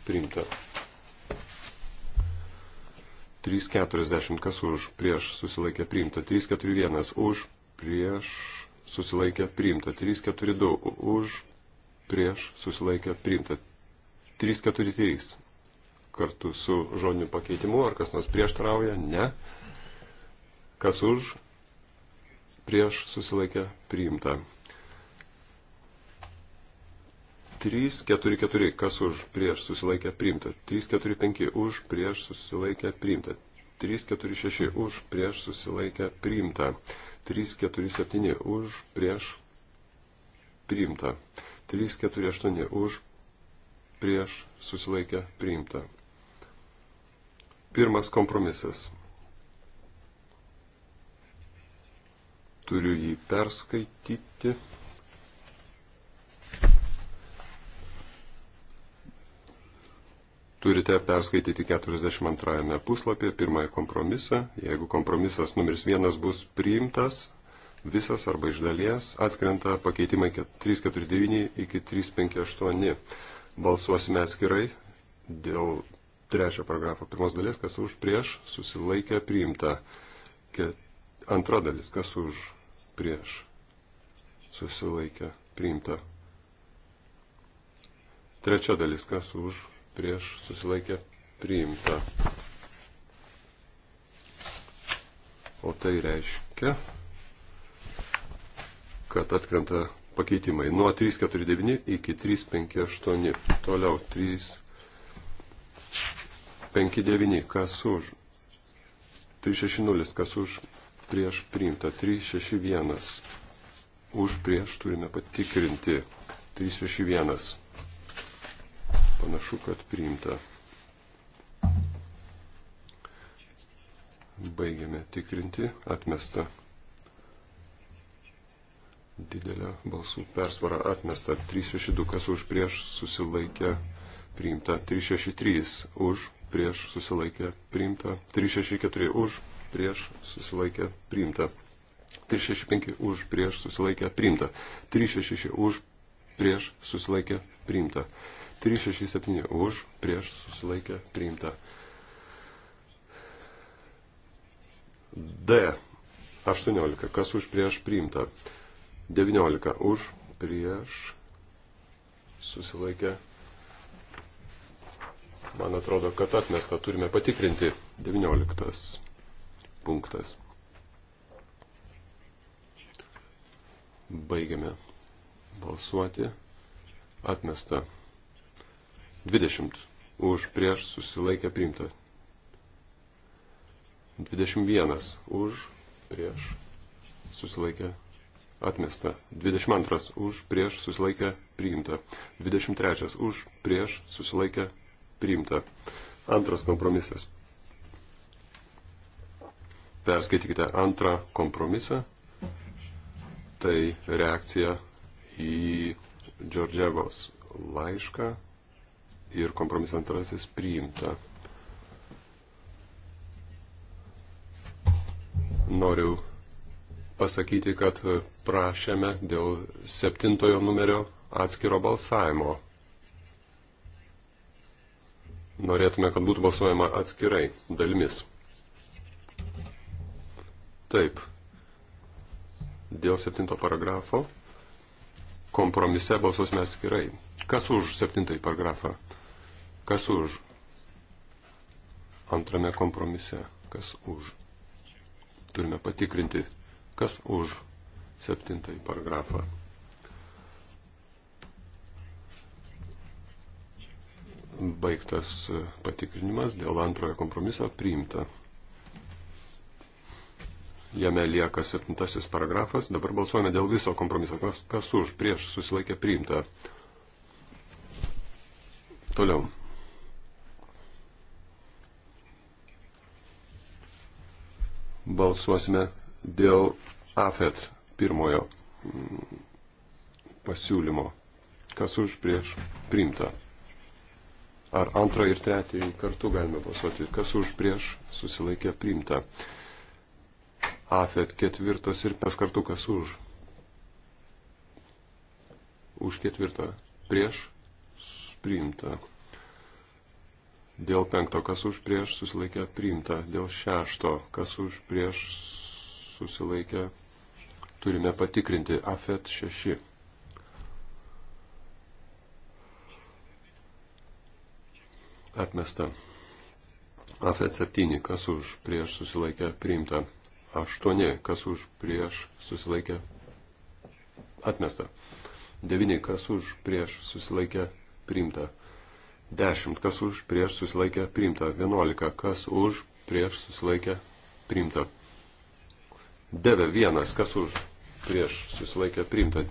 priimta. 340 kas už, prieš susilaikė priimta, 341 už, prieš susilaikė priimta, 342 už, prieš susilaikė priimta, 343 kartu su žodiniu pakeitimu, ar kas nors prieštarauja, ne, kas už, prieš susilaikė priimta. 3, 4, 4, kas už prieš susilaikę priimta. 3, 4, 5 už prieš susilaikę priimta. 3, 4, 6 už prieš susilaikę priimta. 3, 4, 7 už prieš priimta. 3, 4, 8 už prieš susilaikę priimta. Pirmas kompromisas. Turiu jį perskaityti. turite perskaityti 42 puslapį pirmąją kompromisą. Jeigu kompromisas numeris vienas bus priimtas, visas arba iš dalies atkrenta pakeitimai 349 iki 358. Balsuosime atskirai dėl trečio paragrafo pirmos dalies, kas už prieš susilaikė priimta. Antra dalis, kas už prieš susilaikė priimta. Trečia dalis, kas už prieš susilaikę priimta. O tai reiškia, kad atkrenta pakeitimai nuo 349 iki 358. Toliau 359, kas už. 360, kas už prieš priimta. 361, už prieš turime patikrinti. 361. Panašu, kad priimta. Baigiame tikrinti. Atmesta. Didelė balsų persvara atmesta. 362 kas už prieš susilaikė priimta. 363 už prieš susilaikė priimta. 364 už prieš susilaikė priimta. 365 už prieš susilaikė priimta. 366 už prieš susilaikė priimta. 366 už prieš susilaikė priimta. 367 už, prieš susilaikę priimta. D. 18. Kas už prieš priimta? 19. Už prieš susilaikę. Man atrodo, kad atmesta. Turime patikrinti. 19. punktas. Baigiame balsuoti. Atmesta. 20 už prieš susilaikę priimta. 21 už prieš susilaikę atmesta. 22 už prieš susilaikę priimta. 23 už prieš susilaikę priimta. Antras kompromisas. Perskaitykite antrą kompromisą. Tai reakcija į Džordževos laišką ir kompromis antrasis priimta. Noriu pasakyti, kad prašėme dėl septintojo numerio atskiro balsavimo. Norėtume, kad būtų balsuojama atskirai dalimis. Taip. Dėl septinto paragrafo kompromise balsuosime atskirai. Kas už septintąjį paragrafą? Kas už? Antrame kompromise. Kas už? Turime patikrinti, kas už septintąjį paragrafą. Baigtas patikrinimas dėl antrojo kompromiso priimta. Jame lieka septintasis paragrafas. Dabar balsuojame dėl viso kompromiso. Kas, kas už, prieš susilaikė priimta. Toliau. balsuosime dėl AFET pirmojo mm, pasiūlymo. Kas už prieš priimta. Ar antrą ir trečią kartu galime balsuoti. Kas už prieš susilaikė priimta. AFET ketvirtas ir mes kartu kas už. Už ketvirtą prieš priimta. Dėl penkto, kas už prieš susilaikė priimta. Dėl šešto, kas už prieš susilaikė, turime patikrinti. Afet šeši. Atmesta. Afet septyni, kas už prieš susilaikė priimta. Aštuoni, kas už prieš susilaikė atmesta. Devyni, kas už prieš susilaikė priimta. 10. Kas už prieš susilaikę priimta. 11. Kas už prieš susilaikę priimta. 9.1. Kas už prieš susilaikę priimta.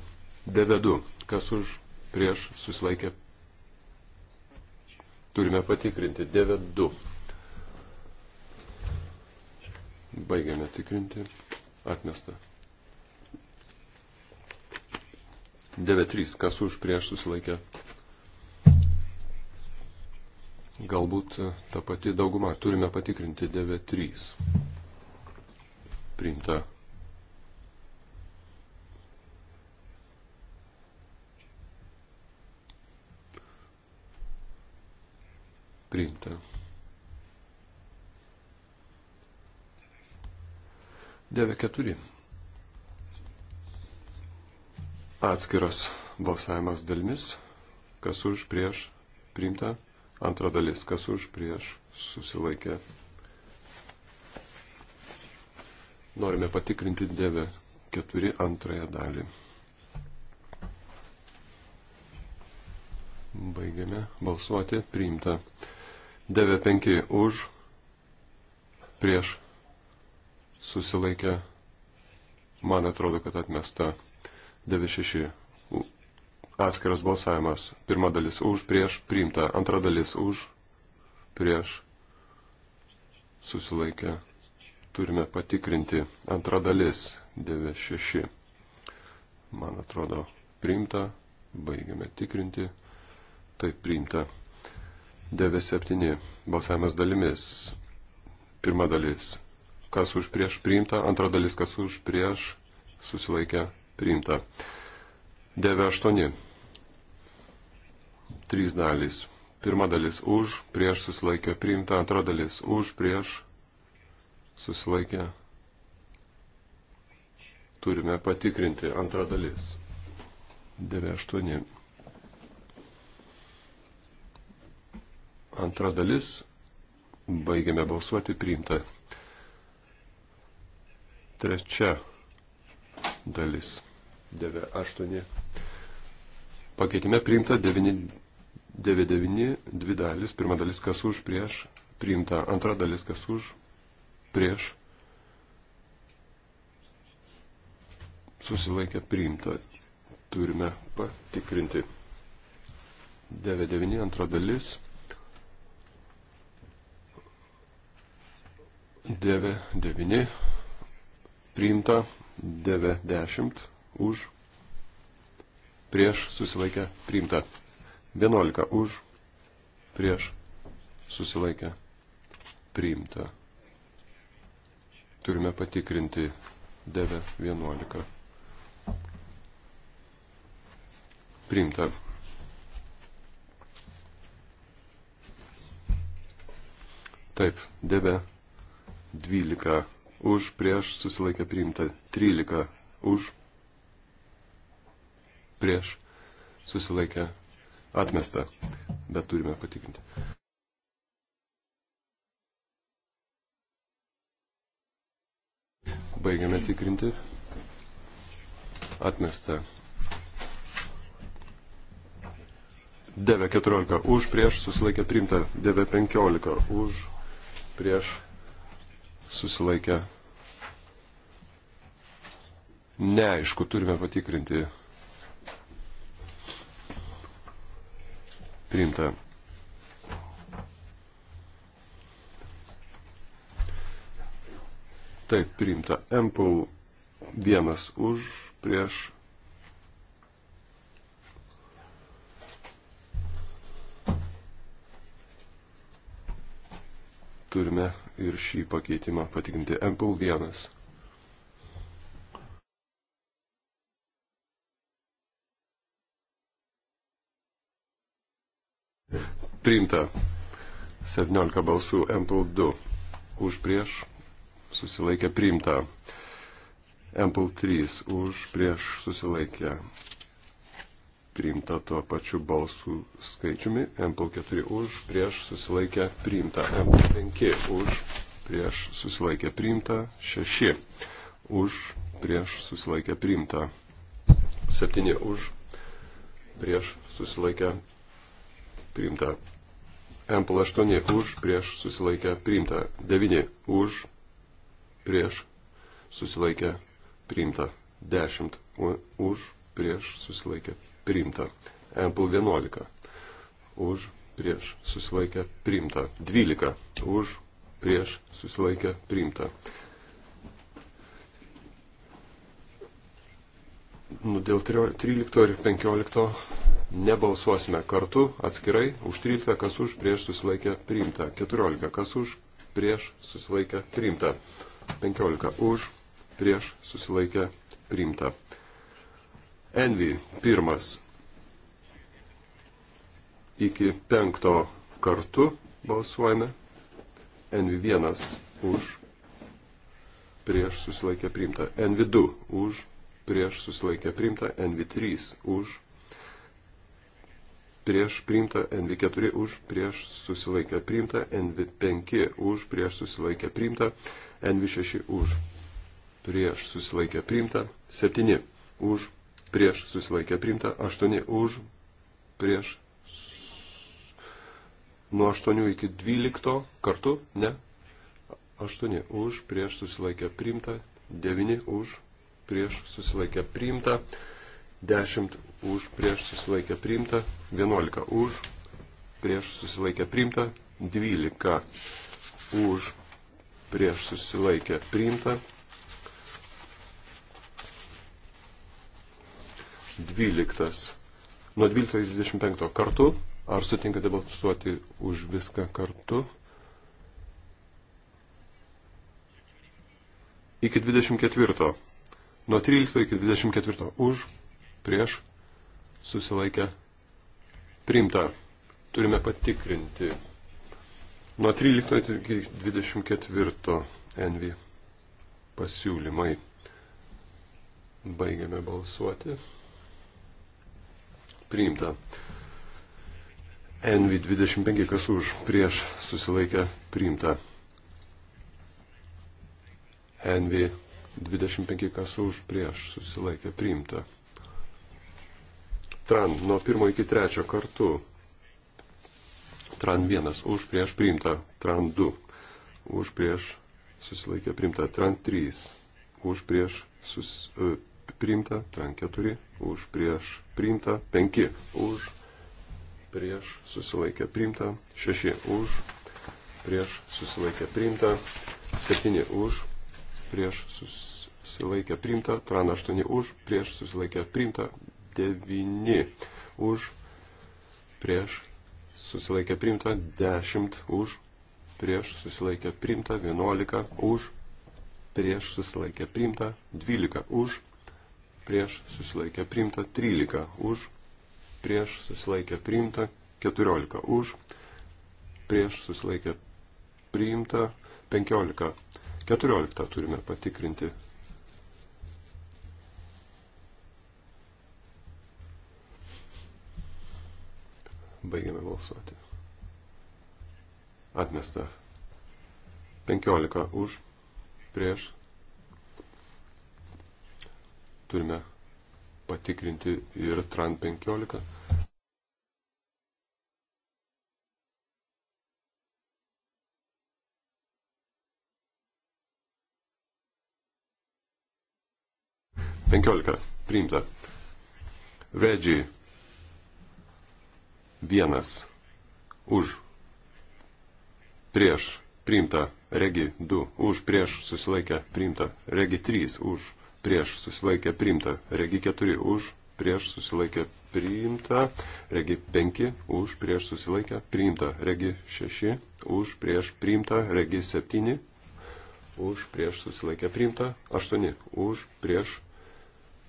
9.2. Kas už prieš susilaikę turime patikrinti. 9.2. Baigiame tikrinti. Atmesta. 9.3. Kas už prieš susilaikę Galbūt e, ta pati dauguma. Turime patikrinti 9.3. Priimta. Priimta. 9.4. Atskiras balsavimas dalimis. Kas už prieš priimta. Antra dalis, kas už prieš susilaikė. Norime patikrinti Dievę 4 antrąją dalį. Baigiame balsuoti, priimta. 9-5 už, prieš susilaikė, man atrodo, kad atmesta. 9-6 Atskiras balsavimas. Pirma dalis už, prieš, priimta. Antra dalis už, prieš, susilaikę. Turime patikrinti. Antra dalis 96. Man atrodo, priimta. Baigiame tikrinti. Taip, priimta. 97. Balsavimas dalimis. Pirma dalis. Kas už prieš priimta. Antra dalis, kas už prieš susilaikę priimta. 98 Trys dalys. Pirma dalis už, prieš susilaikė priimta, antra dalis už, prieš susilaikė. Turime patikrinti antrą dalis. 98. Antra dalis. Baigiame balsuoti priimta. Trečia dalis. 98. Pakeitime priimta 999, dvi dalis. Pirma dalis kas už, prieš. Priimta antra dalis kas už, prieš. Susilaikė priimta. Turime patikrinti. 99 antra dalis. 9, 9, priimta 90 už prieš susilaikę priimta. 11 už, prieš susilaikę priimta. Turime patikrinti 9.11. Priimta. Taip, debe 12 už prieš susilaikę priimta, 13 už prieš susilaikę atmestą, bet turime patikinti. Baigiame tikrinti. Atmesta. 9.14 už prieš susilaikė priimta. 9.15 už prieš susilaikė. Neaišku, turime patikrinti priimta. Taip, priimta. MPU vienas už, prieš. Turime ir šį pakeitimą patikinti MPU vienas. priimta 17 balsų, MPL 2 už prieš susilaikė priimta, MPL 3 už prieš susilaikė priimta tuo pačiu balsų skaičiumi, MPL 4 už prieš susilaikė priimta, MPL 5 už prieš susilaikė priimta, 6 už prieš susilaikė priimta, 7 už prieš susilaikė priimta priimta. MPL 8 už, prieš susilaikę priimta. 9 už, prieš susilaikę priimta. 10 už, prieš susilaikę priimta. MPL 11 už, prieš susilaikę priimta. 12 už, prieš susilaikę priimta. Nu, dėl 13 ir 15 nebalsuosime kartu atskirai už 13, kas už prieš susilaikę priimta, 14, kas už prieš susilaikę priimta, 15 už prieš susilaikę priimta. Envy pirmas iki penkto kartu balsuojame. NV1 už prieš susilaikę priimta, NV2 už prieš susilaikę priimta, NV3 už prieš priimta, NV4 už prieš susilaikę priimta, NV5 už prieš susilaikę priimta, NV6 už prieš susilaikę priimta, 7 už prieš susilaikę priimta, 8 už prieš nuo 8 iki 12 kartu, ne, 8 už prieš susilaikę priimta, 9 už prieš susilaikę priimta, 10 10 už prieš susilaikę priimta, 11 už prieš susilaikę priimta, 12 už prieš susilaikę priimta, 12. Nuo 12 iki 25 kartu. Ar sutinkate balsuoti už viską kartu? Iki 24. Nuo 13 iki 24 už prieš, susilaikę, priimta. Turime patikrinti nuo 13 iki 24 envy pasiūlymai. Baigiame balsuoti. Priimta. Envy 25 kas už prieš susilaikę priimta. Envy 25 kas už prieš susilaikę priimta. Tran nuo 1 iki 3 kartų. Tran 1 už prieš priimta. Tran 2 už prieš susilaikė priimta. Tran 3 už prieš sus, uh, priimta. Tran 4 už prieš priimta. 5 už prieš susilaikė priimta. 6 už prieš susilaikė priimta. 7 už prieš susilaikė priimta. Tran 8 už prieš susilaikė priimta. 9 už, prieš susilaikė primta, 10 už, prieš susilaikė primta, 11 už, prieš susilaikė primta, 12 už, prieš susilaikė primta, 13 už, prieš susilaikė primta, 14 už, prieš susilaikė primta, 15. 14 turime patikrinti Baigiame balsuoti. Atmesta. 15 už, prieš. Turime patikrinti ir TRAN 15. Penkiolika. Priimta. Reggie 1 už prieš priimta regi 2 už prieš susilaikę priimta regi 3 už prieš susilaikę priimta regi 4 už prieš susilaikę priimta regi 5 už prieš susilaikę priimta regi 6 už prieš priimta regi 7 už prieš susilaikę priimta 8 už prieš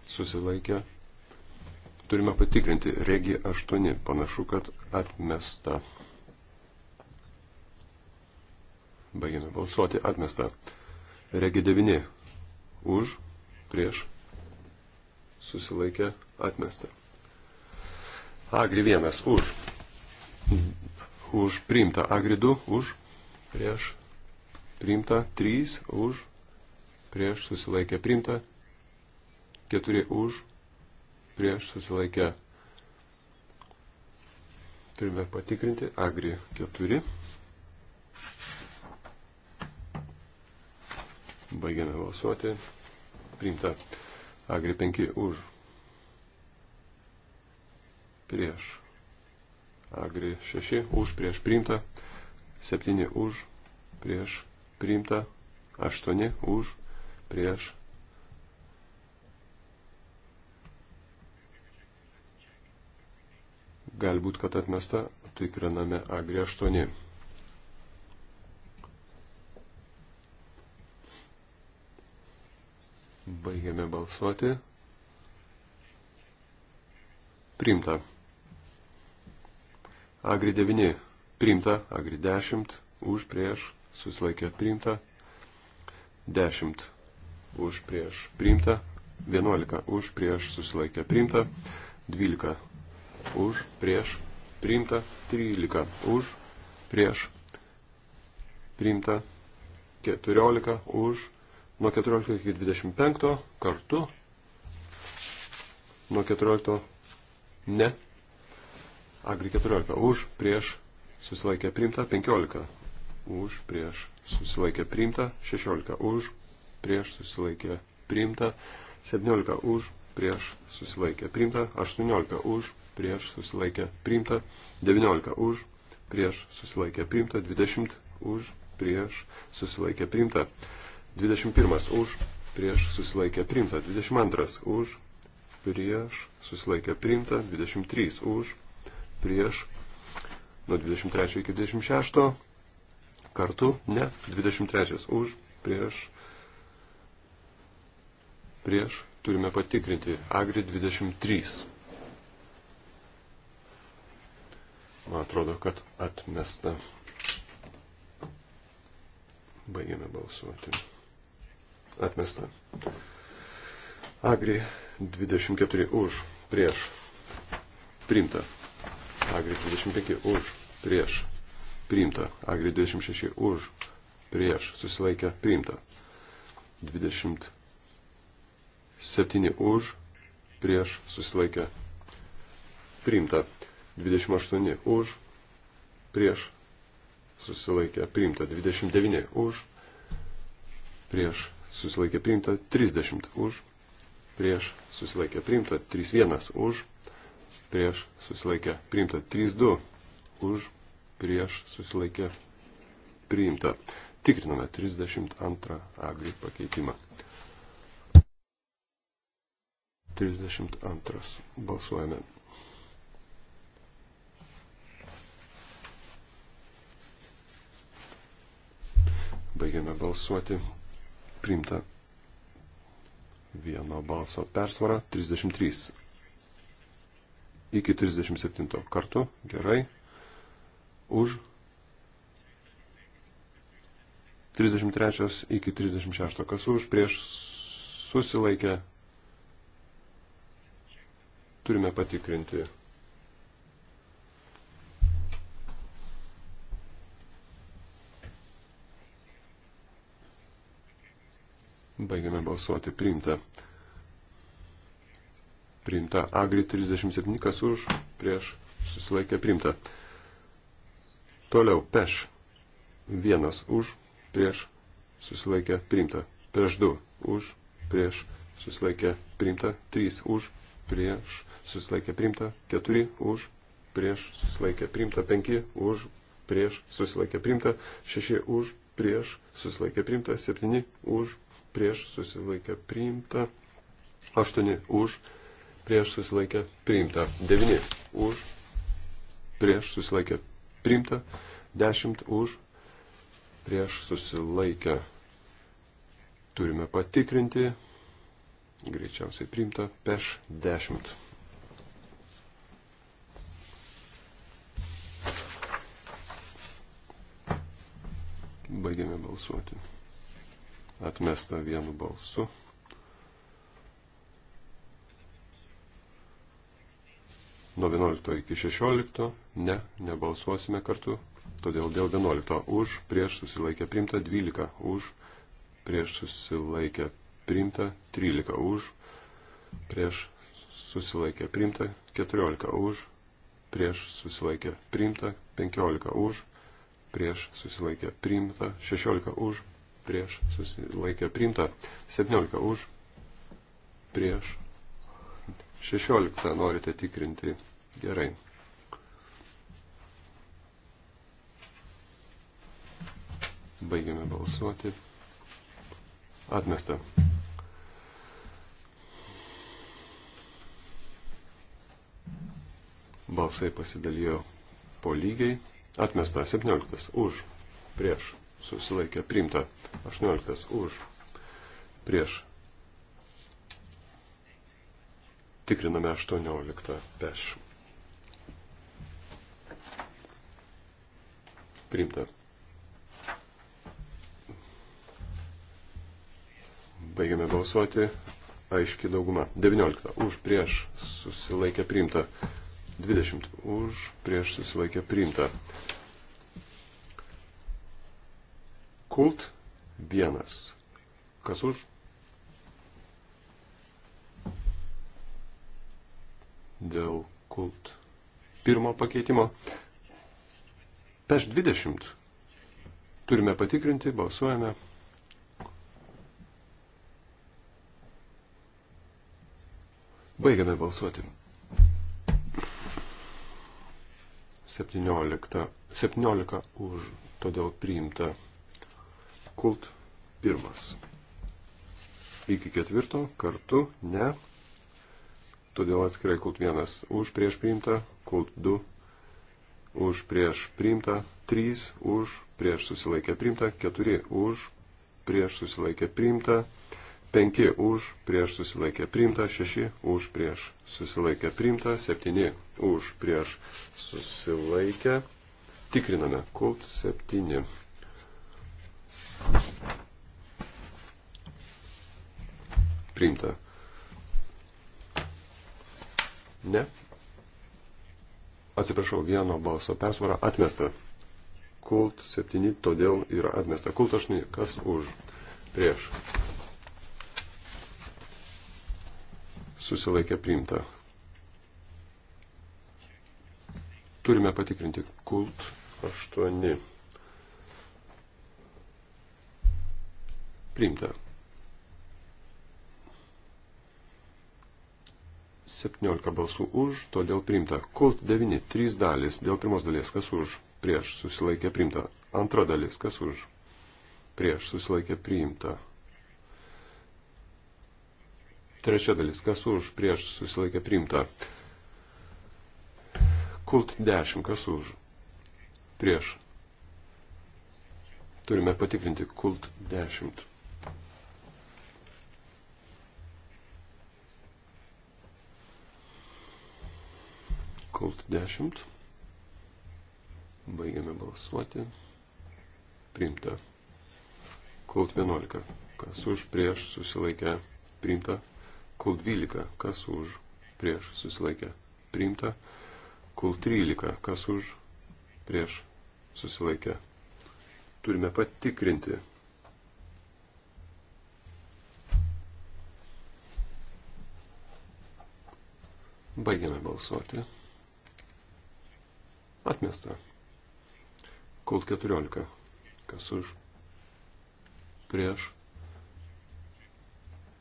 susilaikę Turime patikrinti. Regi 8. Panašu, kad atmesta. Baigime balsuoti. Atmesta. Regi 9. Už. Prieš. Susilaikė. Atmesta. Agri 1. Už. Už priimta. Agri 2. Už. Prieš. Priimta. 3. Už. Prieš. Susilaikė. Priimta. 4. Už prieš susilaikę. Turime patikrinti Agri 4. Baigiame balsuoti. Priimta Agri 5 už. Prieš. Agri 6 už prieš priimta. 7 už prieš priimta. 8 už prieš gali būti, kad atmesta, tikriname agri 8. Baigiame balsuoti. Primta. Agri 9. Primta. Agri 10. Už prieš. Susilaikė primta. 10. Už prieš. Primta. 11. Už prieš. Susilaikė primta. 12 už, prieš, priimta 13, už, prieš, priimta 14, už, nuo 14 iki 25 kartu, nuo 14 ne, agri 14, už, prieš, susilaikė priimta 15, už, prieš, susilaikė priimta 16, už, prieš, susilaikė priimta 17, už, prieš, susilaikė priimta 18, už, prieš susilaikę priimta, 19 už, prieš susilaikę priimta, 20 už, prieš susilaikę priimta, 21 už, prieš susilaikę priimta, 22 už, prieš susilaikę priimta, 23 už, prieš nuo 23 iki 26 kartu, ne, 23 už, prieš, prieš turime patikrinti Agri 23. Man atrodo, kad atmesta. Baigėme balsuoti. Atmesta. Agri 24 už, prieš. Primta. Agri 25 už, prieš. Primta. Agri 26 už, prieš. Susilaikė. Primta. 27 už, prieš. Susilaikė. Primta. 28 už, prieš susilaikė priimta 29 už, prieš susilaikė priimta 30 už, prieš susilaikė priimta 31 už, prieš susilaikė priimta 32 už, prieš susilaikė priimta. Tikriname 32 agri pakeitimą. 32 balsuojame. Baigiame balsuoti. Primta vieno balso persvara 33 iki 37 kartų. Gerai. Už 33 iki 36. Kas už prieš susilaikę turime patikrinti Baigiame balsuoti. Priimta. Priimta. Agri 37, kas už, prieš, susilaikė. Priimta. Toliau. Peš. Vienas už, prieš, susilaikė. Priimta. Prieš du. Už, prieš, susilaikė. Priimta. Trys. Už, prieš, susilaikė. Priimta. Keturi. Už, prieš, susilaikė. Priimta. Penki. Už, prieš, susilaikė. Priimta. Šeši. Už, prieš, susilaikė. Priimta. Septyni. Už, prieš susilaikę priimta, 8 už, prieš susilaikę priimta, 9 už, prieš susilaikę priimta, 10 už, prieš susilaikę turime patikrinti, greičiausiai priimta, peš 10. Baigiame balsuoti atmesta vienu balsu. Nuo 11 iki 16 ne, nebalsuosime kartu, todėl dėl 11 už, prieš susilaikę primta 12 už, prieš susilaikę primta 13 už, prieš susilaikę primta 14 už, prieš susilaikę primta 15 už, prieš susilaikę primta 16 už, prieš susilaikė priimta, 17 už, prieš 16 norite tikrinti gerai. Baigiame balsuoti. Atmesta. Balsai pasidalijo po lygiai. Atmesta 17 už prieš susilaikė priimta. 18 už prieš. Tikriname 18 peš. Priimta. Baigiame balsuoti. Aiški dauguma. 19 už prieš susilaikė priimta. 20 už prieš susilaikė priimta. Kult vienas. Kas už? Dėl kult pirmo pakeitimo. Peš 20. Turime patikrinti, balsuojame. Baigiame balsuoti. 17, 17 už, todėl priimta kult pirmas. Iki ketvirto kartu ne. Todėl atskirai kult vienas už prieš priimtą, kult du už prieš priimtą, trys už prieš susilaikę priimtą, keturi už prieš susilaikę priimtą, penki už prieš susilaikę priimtą, šeši už prieš susilaikę priimtą, septyni už prieš susilaikę. Tikriname kult septyni. Priimta. Ne. Atsiprašau, vieno balso persvara atmesta. Kult 7, todėl yra atmesta. Kult 8, kas už? Prieš. Susilaikė priimta. Turime patikrinti kult 8. Priimta. 17 balsų už, todėl priimta. Kult 9, 3 dalis, dėl pirmos dalies, kas už, prieš, susilaikė priimta. Antra dalis, kas už, prieš, susilaikė priimta. Trečia dalis, kas už, prieš, susilaikė priimta. Kult 10, kas už, prieš. Turime patikrinti kult 10. Kult 10. Baigiame balsuoti. Priimta. Kult 11. Kas už prieš susilaikę. Priimta. Kult 12. Kas už prieš susilaikę. Priimta. Kult 13. Kas už prieš susilaikę. Turime patikrinti. Baigiame balsuoti. Atmesta. Kult 14. Kas už? Prieš.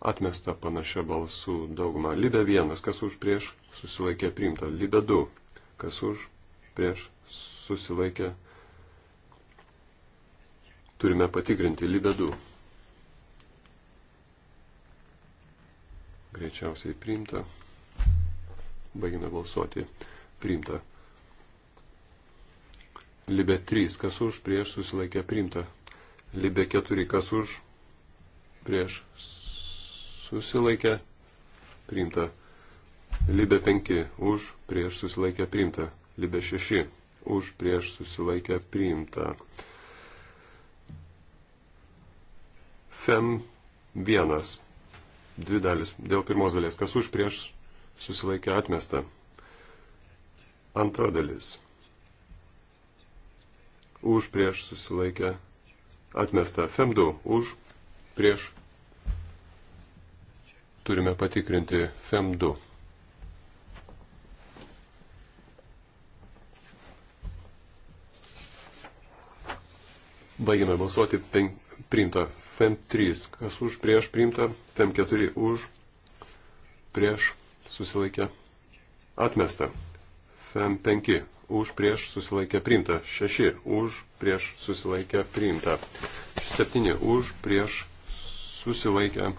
Atmesta panašia balsų dauguma. Libė 1. Kas už prieš? Susilaikė priimta. Libė 2. Kas už prieš? Susilaikė. Turime patikrinti Libė 2. Greičiausiai priimta. Baigime balsuoti. Priimta. Libė 3, kas už, prieš susilaikė priimta. Libė 4, kas už, prieš susilaikė priimta. Libė 5, už, prieš susilaikė priimta. Libė 6, už, prieš susilaikė priimta. Fem 1, dvi dalis, dėl pirmos dalies, kas už, prieš susilaikė atmesta. Antra dalis už prieš susilaikę atmesta. FEM2 už prieš turime patikrinti FEM2. Baigiame balsuoti pen, priimta FEM3, kas už prieš priimta, FEM4 už prieš susilaikę atmesta. FEM5 už prieš susilaikę priimta. 6 už prieš susilaikę priimta. 7 už prieš susilaikę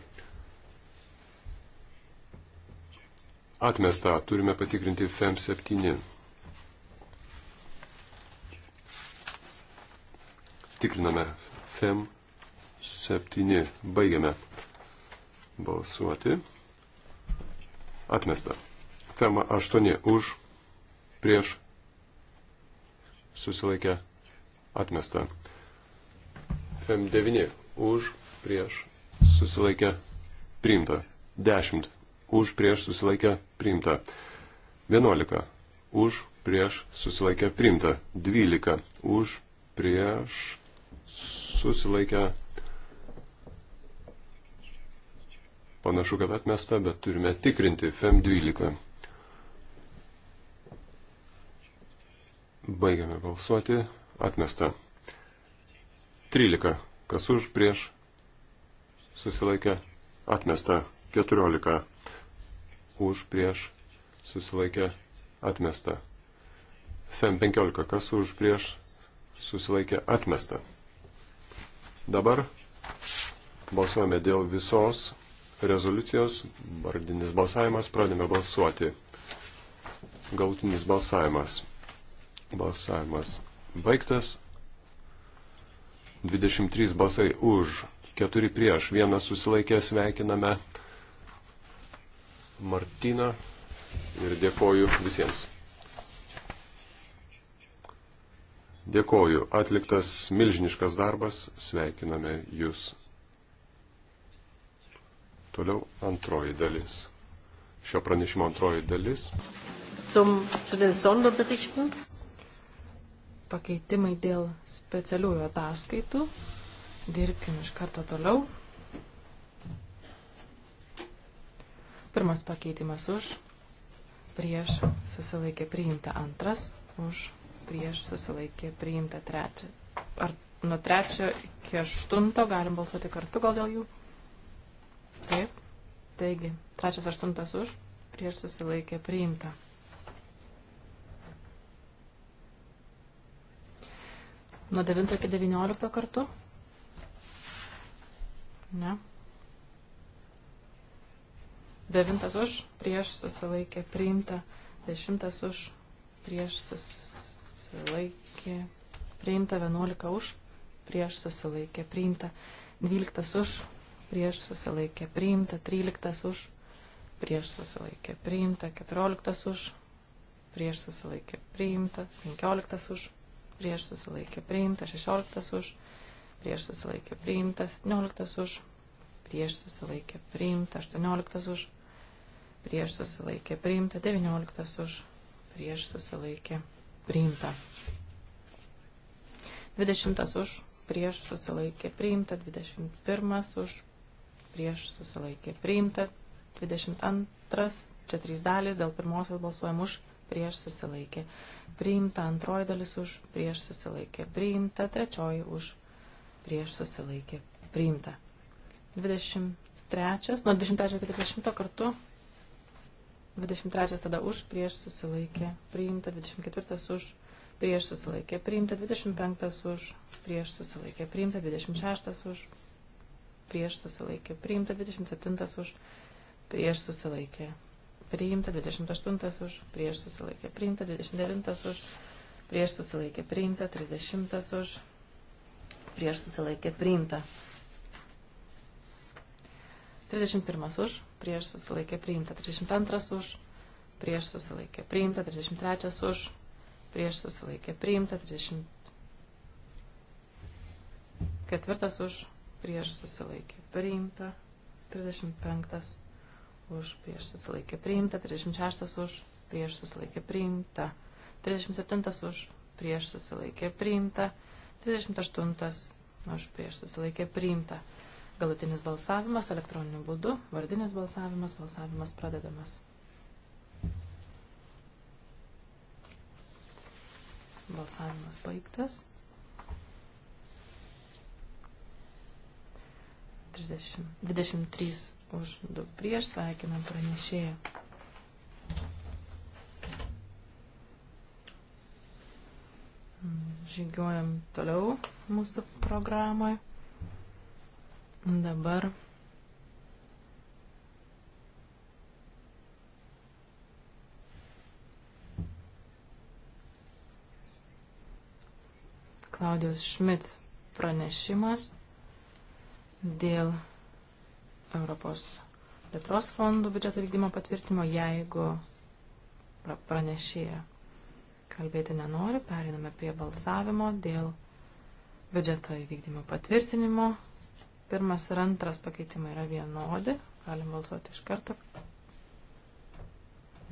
atmesta. Turime patikrinti FEM 7. Tikriname FEM 7. Baigiame balsuoti. Atmesta. FEM 8 už prieš susilaikė atmesta. FM9 už prieš susilaikė priimta. 10 už prieš susilaikė priimta. 11 už prieš susilaikė priimta. 12 už prieš susilaikė panašu, kad atmesta, bet turime tikrinti FM12. Baigiame balsuoti. Atmesta. 13. Kas už prieš susilaikė. Atmesta. 14. Už prieš susilaikė. Atmesta. FEM 15. Kas už prieš susilaikė. Atmesta. Dabar balsuojame dėl visos rezoliucijos. Vardinis balsavimas. Pradėme balsuoti. Galutinis balsavimas. Balsavimas baigtas. 23 balsai už, 4 prieš, vienas susilaikė, sveikiname Martiną ir dėkoju visiems. Dėkoju, atliktas milžiniškas darbas, sveikiname jūs. Toliau antroji dalis. Šio pranešimo antroji dalis. Zum, zu den Sonderberichten pakeitimai dėl specialiųjų ataskaitų. Dirbkim iš karto toliau. Pirmas pakeitimas už, prieš susilaikė priimta antras, už, prieš susilaikė priimta trečia. Ar nuo trečio iki aštunto galim balsuoti kartu gal dėl jų? Taip. Taigi, trečias aštuntas už, prieš susilaikė priimta. Nuo 9 iki 19 kartu? Ne. 9 už, prieš susilaikė, priimta. 10 už, prieš susilaikė, priimta. 11 už, prieš susilaikė, priimta. 12 už, prieš susilaikė, priimta. 13 už, prieš susilaikė, priimta. 14 už, prieš susilaikė, priimta. 15 už, prieš susilaikė priimta, 16 už, prieš susilaikė priimta, 17 už, prieš susilaikė priimta, 18 už, prieš susilaikė priimta, 19 už, prieš susilaikė priimta. 20 už, prieš susilaikė priimta, 21 už, prieš susilaikė priimta, 22, čia trys dalys, dėl pirmosios balsuojam už, prieš susilaikė priimta priimta, antroji dalis už, prieš susilaikė, priimta, trečioji už, prieš susilaikė, priimta. 23, nuo 23 iki 30 kartu, 23 tada už, prieš susilaikė, priimta, 24 už, prieš susilaikė, priimta, 25 už, prieš susilaikė, priimta, 26 už, prieš susilaikė, priimta, 27 už, prieš susilaikė, priimta, 28 už, prieš susilaikė priimta, 29 už, prieš susilaikė priimta, 30 už, prieš susilaikė priimta. 31 už, prieš susilaikė priimta, 32 už, prieš susilaikė priimta, 33 už, prieš susilaikė priimta, 34 už, prieš susilaikė priimta, 35 už prieš susilaikę priimta, 36 už prieš susilaikę priimta, 37 už prieš susilaikę priimta, 38 už prieš susilaikę priimta. Galutinis balsavimas elektroniniu būdu, vardinis balsavimas, balsavimas pradedamas. Balsavimas baigtas. 30, 23 už 2 prieš, sveikinam pranešėją. Mm, žygiuojam toliau mūsų programoje. Dabar Klaudijos Šmit pranešimas dėl Europos plėtros fondų biudžeto vykdymo patvirtimo, jeigu pranešėja kalbėti nenori, periname prie balsavimo dėl biudžeto įvykdymo patvirtinimo. Pirmas ir antras pakeitimai yra vienodi. Galim balsuoti iš karto.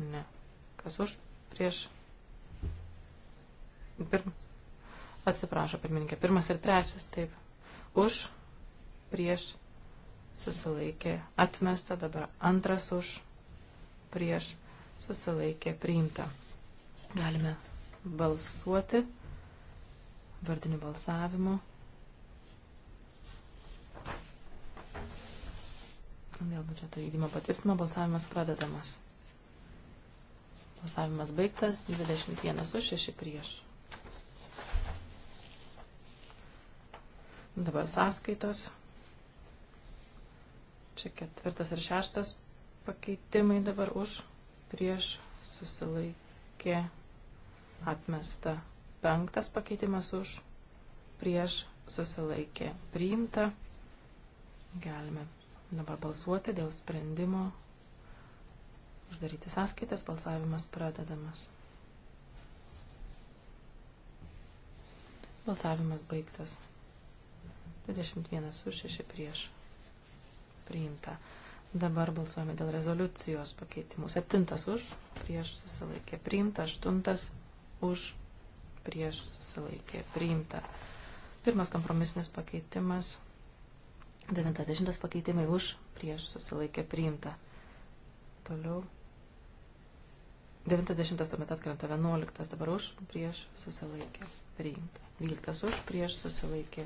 Ne. Kas už? Prieš. Pirm... Atsiprašo, pirmininkė. Pirmas ir trečias, taip. Už. Prieš susilaikė atmesta, dabar antras už, prieš, susilaikė priimta. Galime balsuoti vardiniu balsavimu. Vėl biudžeto įgydymo patvirtimo balsavimas pradedamas. Balsavimas baigtas, 21 už 6 prieš. Dabar sąskaitos. Čia ketvirtas ir šeštas pakeitimai dabar už, prieš susilaikė atmesta. Penktas pakeitimas už, prieš susilaikė priimta. Galime dabar balsuoti dėl sprendimo. Uždaryti sąskaitas, balsavimas pradedamas. Balsavimas baigtas. 21 už 6 prieš priimta. Dabar balsuojame dėl rezoliucijos pakeitimų. Septintas už, prieš susilaikė priimta. Aštuntas už, prieš susilaikė priimta. Pirmas kompromisinis pakeitimas. Devintadešimtas pakeitimai už, prieš susilaikė priimta. Toliau. 90 tuomet atkrenta 11, dabar už, prieš susilaikė priimta. 12 už, prieš susilaikė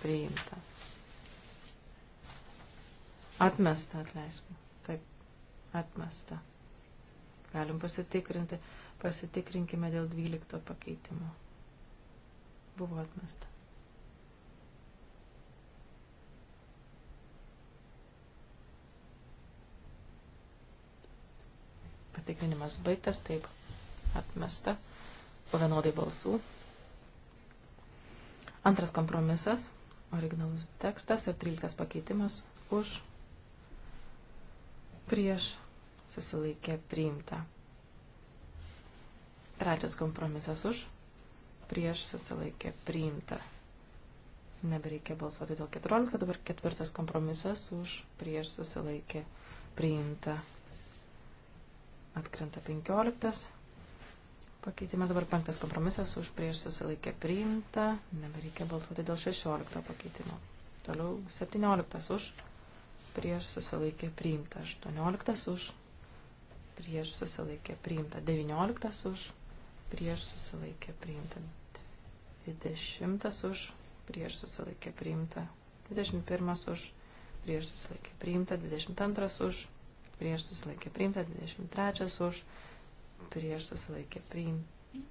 priimta. Atmesta, atleisk. Taip, atmesta. Galim pasitikrinti. Pasitikrinkime dėl 12 pakeitimo. Buvo atmesta. Patikrinimas baigtas, taip, atmesta. Pavienodai balsų. Antras kompromisas, originalus tekstas ir 13 pakeitimas už prieš susilaikė priimta. Trečias kompromisas už, prieš susilaikė priimta. Nebereikia balsuoti dėl 14, dabar ketvirtas kompromisas už, prieš susilaikė priimta. Atkrenta 15. Pakeitimas dabar penktas kompromisas už prieš susilaikė priimta. Nebereikia balsuoti dėl 16 pakeitimo. Toliau 17 už prieš susilaikė priimta, 18 už, prieš susilaikė priimta, 19 už, prieš susilaikė priimta, 20 už, prieš susilaikė priimta, 21 už, prieš susilaikė priimta, 22 už, prieš susilaikė priimta, 23 už, prieš susilaikė priimta.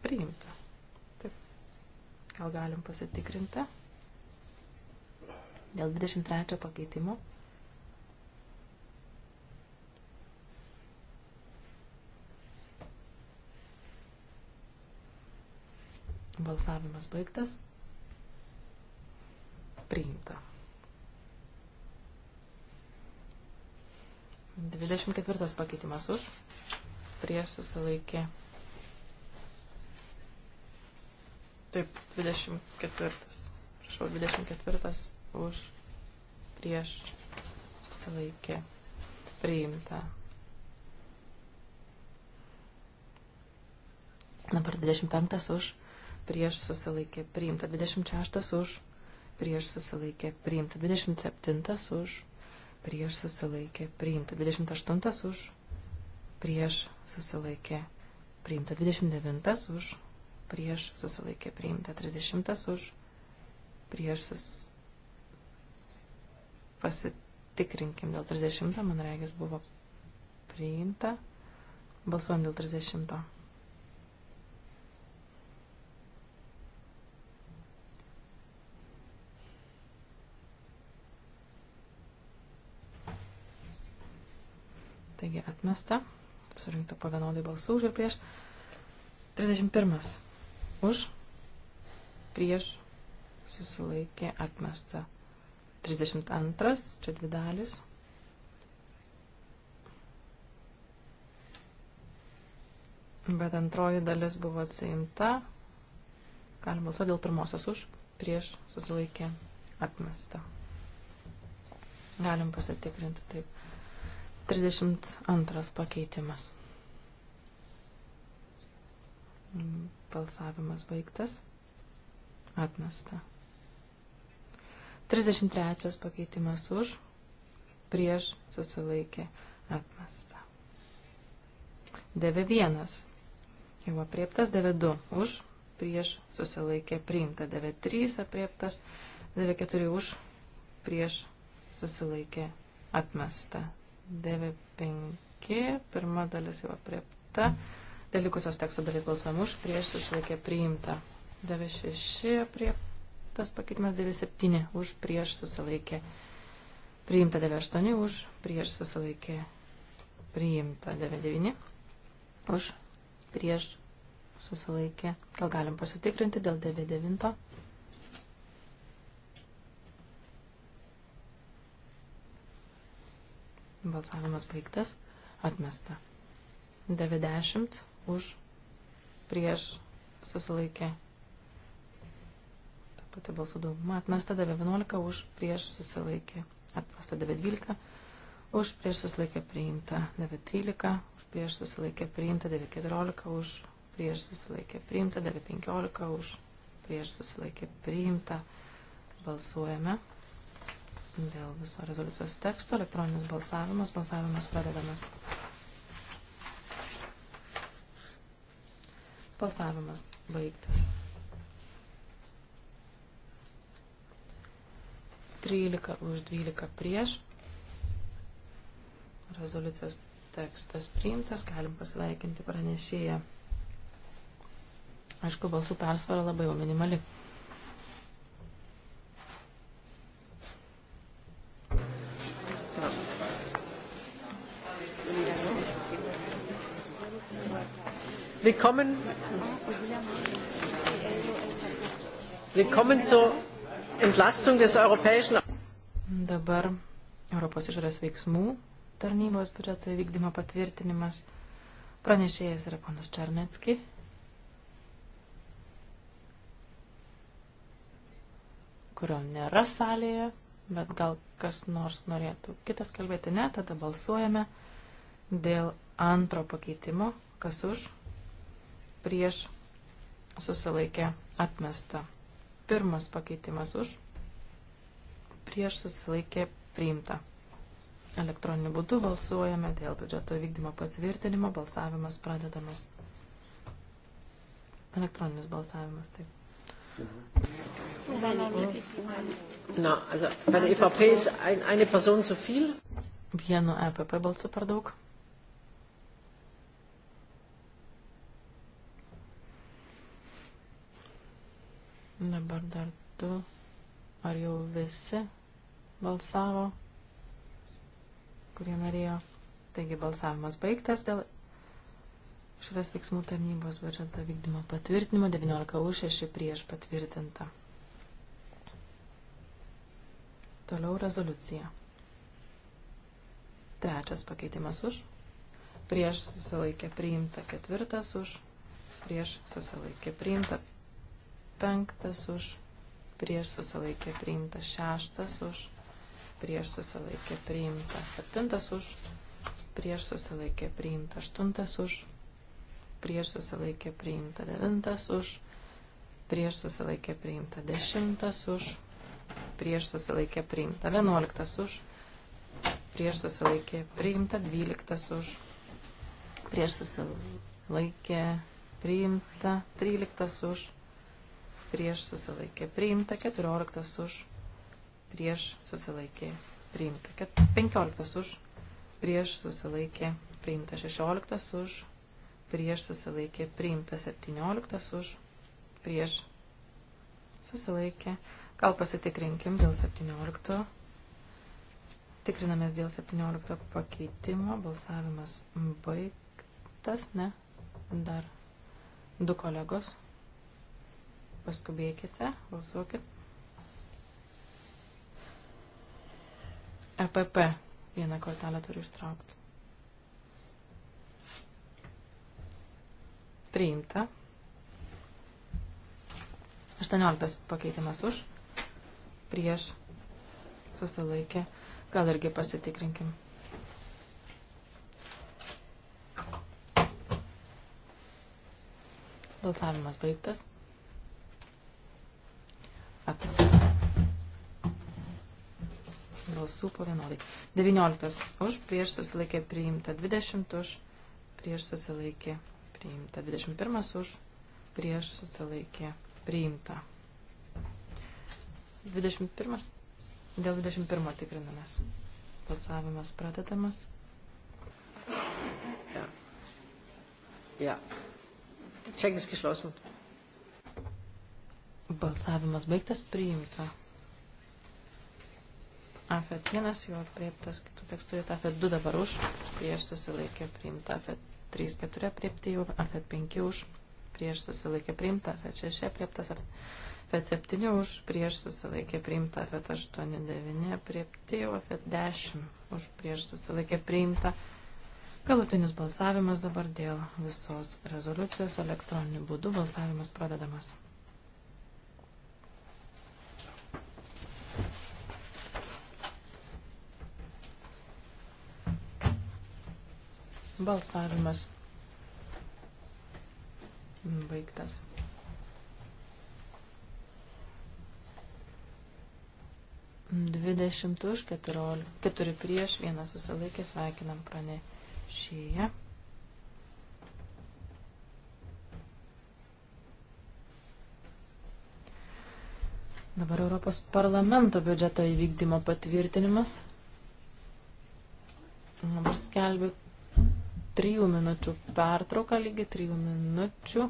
Priimta. Taip. Gal galim pasitikrinti? dėl 23 pakeitimo. Balsavimas baigtas. Priimta. 24 pakeitimas už. Prieš susilaikė. Taip, 24. Prašau, 24 už prieš susilaikė priimta. Dabar 25 už prieš susilaikė priimta, 26 už prieš susilaikė priimta, 27 už prieš susilaikė priimta, 28 už prieš susilaikė priimta, 29 už prieš susilaikė priimta, 30 už prieš susilaikė Pasitikrinkim dėl 30, man regis buvo priimta. Balsuojam dėl 30. Taigi atmesta, surinkta po vienodai balsų už ir prieš. 31. Už, prieš, susilaikė, atmesta. 32, čia dvi dalis. Bet antroji dalis buvo atsiimta. Galim balsuoti dėl pirmosios už, prieš susilaikė atmesta. Galim pasitikrinti taip. 32 pakeitimas. Balsavimas baigtas. Atmesta. 33 pakeitimas už, prieš susilaikė atmesta. 9.1. Jau apriektas 9.2. Už, prieš susilaikė priimta. 9.3 apriektas. 9.4 už, prieš susilaikė atmesta. 9.5. Pirma dalis jau apriekta. Dėl likusios teksto dalis balsuojam už, prieš susilaikė priimta. 9.6 apriekta atmestas, pakeitimas 97 už prieš susilaikė priimta 98 už prieš susilaikė priimta 99 už prieš susilaikė. Gal galim pasitikrinti dėl 99. Balsavimas baigtas. Atmesta. 90 už prieš susilaikė pati balsų dauguma, atmesta 911 už prieš susilaikė, atmesta 912 už prieš susilaikė priimta, 913 už prieš susilaikė priimta, 914 už prieš susilaikė priimta, 915 už prieš susilaikė priimta. Balsuojame dėl viso rezoliucijos teksto, elektroninis balsavimas, balsavimas pradedamas. Balsavimas baigtas. 13 už 12 prieš. Rezoliucijos tekstas priimtas, galim pasveikinti pranešėją. Aišku, balsų persvara labai jau minimali. Willkommen. Willkommen zur Entlastung des europäischen. Dabar Europos išorės veiksmų tarnybos biudžeto įvykdymo patvirtinimas. Pranešėjas yra ponas Čarnecki. kurio nėra salėje, bet gal kas nors norėtų kitas kalbėti, ne, tada balsuojame dėl antro pakeitimo, kas už, prieš, susilaikė, atmesta. Pirmas pakeitimas už, prieš susilaikė priimta. Elektroniniu būdu balsuojame dėl biudžeto vykdymo patvirtinimo, balsavimas pradedamas. Elektroninis balsavimas, taip. Na, also bei der EVP ist ein, eine Person zu viel. Vienu EPP balsu per daug. Dabar dar du. Ar jau visi balsavo, kurie norėjo? Taigi balsavimas baigtas dėl išras veiksmų tarnybos biudžeto vykdymo patvirtinimo 19 už 6 prieš patvirtinta. Toliau rezoliucija. Trečias pakeitimas už. Prieš susilaikė priimta ketvirtas už. Prieš susilaikė priimta penktas už prieš susilaikė priimta, šeštas už prieš susilaikė priimta, septintas už prieš susilaikė priimta, aštuntas už prieš susilaikė priimta, devintas už prieš susilaikė priimta, dešimtas už prieš susilaikė priimta, vienuoliktas už prieš susilaikė priimta, dvyliktas už prieš susilaikė priimta, tryliktas už prieš susilaikė priimta, 14 už, prieš susilaikė priimta, 15 už, prieš susilaikė priimta, 16 už, prieš susilaikė priimta, 17 už, prieš susilaikė. Gal pasitikrinkim dėl 17. Tikrinamės dėl 17 pakeitimo. Balsavimas baigtas, ne? Dar du kolegos Paskubėkite, balsuokit. EPP vieną kortelę turiu ištraukti. Priimta. 18 pakeitimas už, prieš, susilaikė. Gal irgi pasitikrinkim. Balsavimas baigtas atmesta. Balsų po vienodai. 19 už, prieš susilaikė priimta 20 už, prieš susilaikė priimta 21 už, prieš susilaikė priimta. 21. Dėl 21 tikrinamės. Balsavimas pradedamas. Ja. Ja. Check ist geschlossen. Balsavimas baigtas priimta. Afet 1 jo prieptas kitų tekstų, Afet 2 dabar už, prieš susilaikė priimta, Afet 3, 4 priepti jau, Afet 5 už, prieš susilaikė priimta, Afet 6 prieptas, Afet 7 už, prieš susilaikė priimta, Afet 8, 9 priepti jau, Afet 10 už, prieš susilaikė priimta. Galutinis balsavimas dabar dėl visos rezoliucijos elektroniniu būdu balsavimas pradedamas. Balsavimas baigtas. Dvidešimt už keturi prieš, vienas susilaikė, sveikinam pranešėją. Dabar Europos parlamento biudžeto įvykdymo patvirtinimas. Dabar skelbiu trijų minučių pertrauką, lygiai trijų minučių.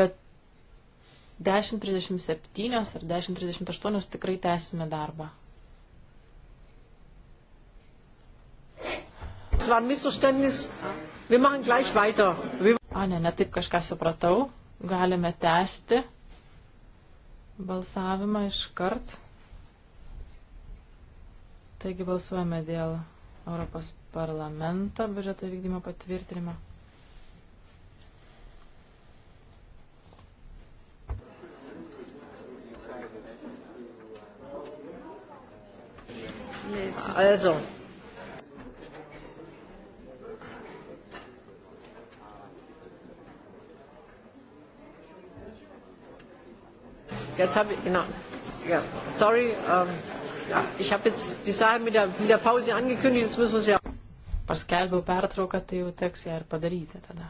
Bet 10.37 ar 10.38 tikrai tęsime darbą. Es war ein Missverständnis. Wir machen gleich weiter. Wir A, ne, ne taip kažką supratau. Galime tęsti balsavimą iškart. Taigi balsuojame dėl Europos parlamento biudžeto vykdymo patvirtinimą. Ah, also, jetzt habe ich, genau, ja, sorry, ähm, um Ja, ich habe jetzt die Sache mit der, mit der Pause angekündigt, jetzt müssen wir sie ja. Paskelbiau pertrauką, tai jau teks ją ir padaryti tada.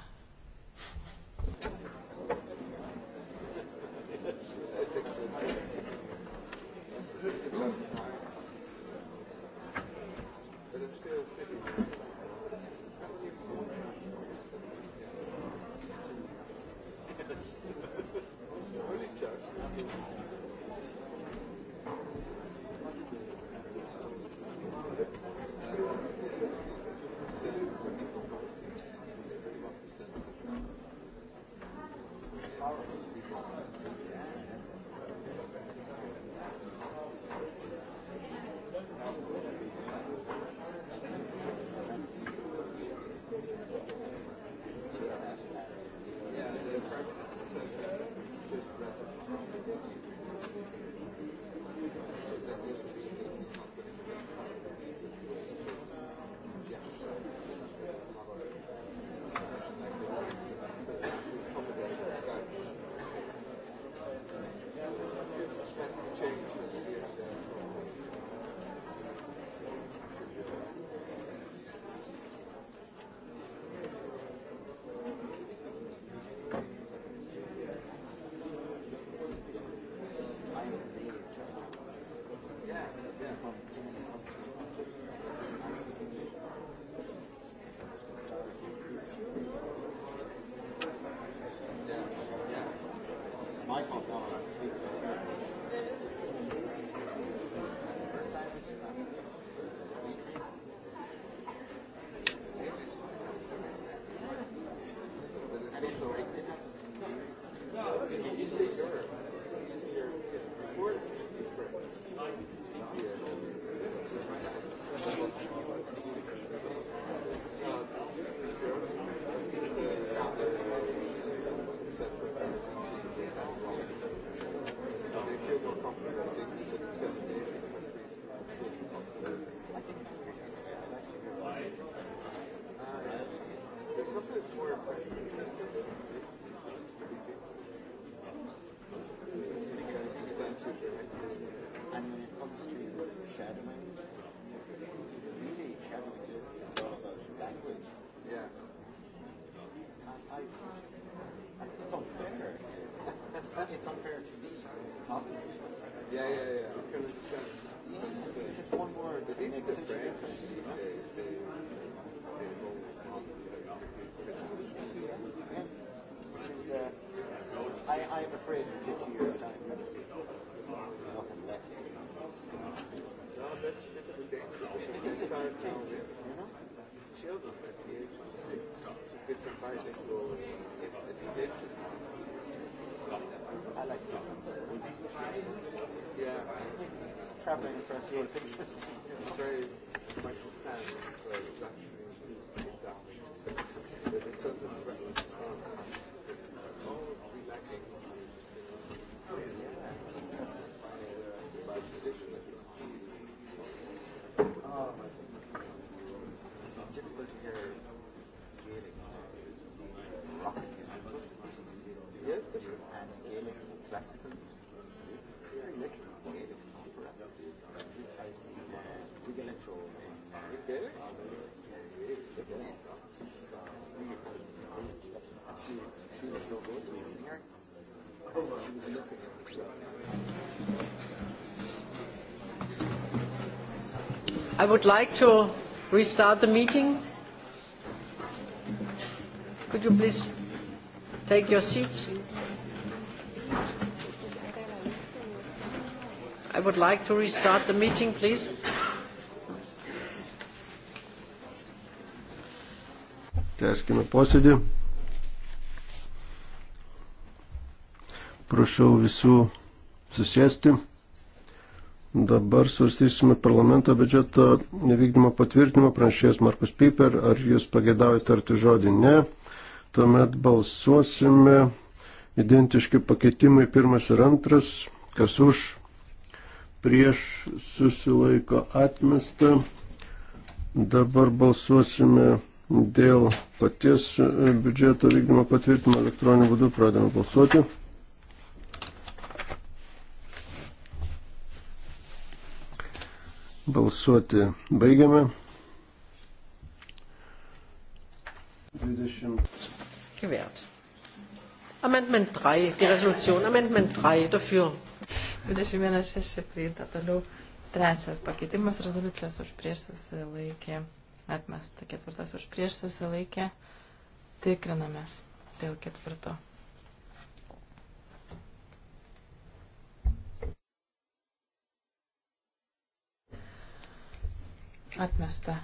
Yeah. Which is, uh, I, I am afraid in 50 years' time, nothing left. No, that's a bit of a danger. It is a bit of a danger, you know? Children at the age of six should get some bicycle if it is I like different. Yeah. It's traveling across Europe. It's very much planned for a reduction. I would like to restart the meeting. Could you please take your seats? I would like to restart the meeting, please. Tęskime posėdį. Prašau visų susėsti. Dabar svarstysime parlamento biudžeto nevykdymo patvirtinimo pranešėjas Markus Piper. Ar jūs pagėdavote tarti žodį? Ne. Tuomet balsuosime. Identiški pakeitimai pirmas ir antras. Kas už? Prieš susilaiko atmesta. Dabar balsuosime dėl paties biudžeto vykdymo patvirtinimo elektroniniu būdu. Pradėjome balsuoti. Balsuoti baigiame. 20. Gewährt. Amendment 3, die Resolution. Amendment 3, dafür. 21.6 priimta. Toliau trečias pakeitimas rezoliucijos už prieš susilaikė. Atmesta ketvirtas už prieš susilaikė. Tikrinamės dėl ketvirto. Atmesta.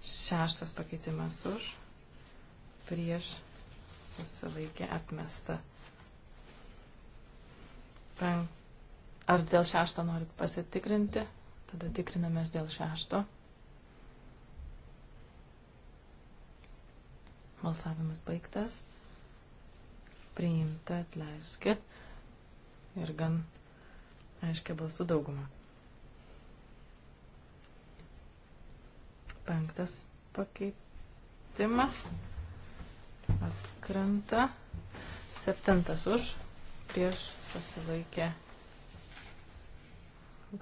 Šeštas pakeitimas už. Prieš susilaikė atmesta. Penk... Ar dėl šešto norit pasitikrinti? Tada tikrinamės dėl šešto. Balsavimas baigtas. Priimta, atleiskit. Ir gan aiškia balsų daugumą. Penktas pakeitimas atkrenta. Septintas už, prieš susilaikė.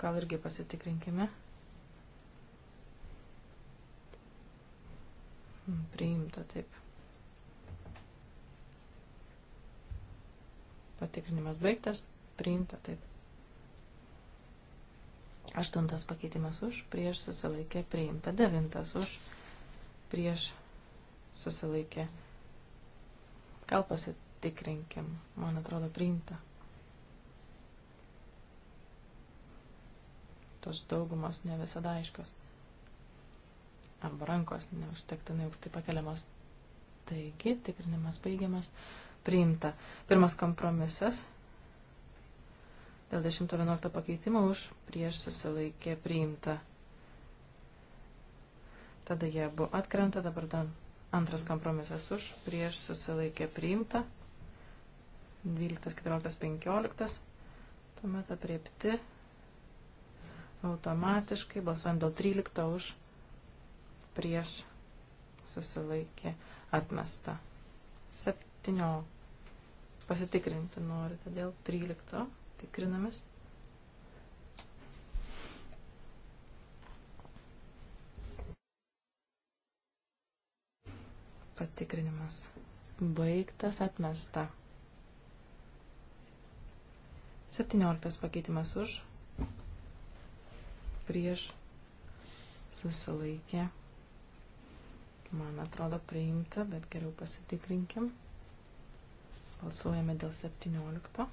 Gal irgi pasitikrinkime. Hmm, priimta taip. Patikrinimas baigtas, priimta taip. Aštuntas pakeitimas už, prieš susilaikė priimta. Devintas už, prieš susilaikė. Gal pasitikrinkim, man atrodo priimta. Tos daugumos ne visada aiškios. Arba rankos neužtektinai aukštai pakeliamos. Taigi, tikrinimas baigiamas. Priimta. Pirmas kompromisas Dėl 111 pakeitimo už prieš susilaikė priimta. Tada jie abu atkrenta, dabar dan. Antras kompromisas už prieš susilaikė priimta. 12, 14, 15. Tuomet apriepti automatiškai. Balsuojam dėl 13 už prieš susilaikė atmesta. 7. Pasitikrinti norite dėl 13. Tikrinamės. Patikrinimas. Baigtas atmesta. 17 pakeitimas už. Prieš. Susilaikė. Man atrodo priimta, bet geriau pasitikrinkim. Balsuojame dėl 17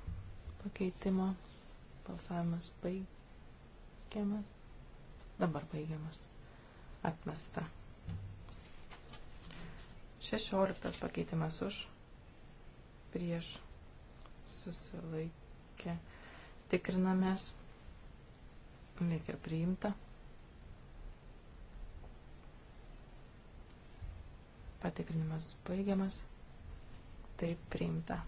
pakeitimo. Balsavimas baigiamas. Dabar baigiamas. Atmesta. 16 pakeitimas už. Prieš. Susilaikė. Tikrinamės. Reikia priimta. Patikrinimas baigiamas. Taip priimta.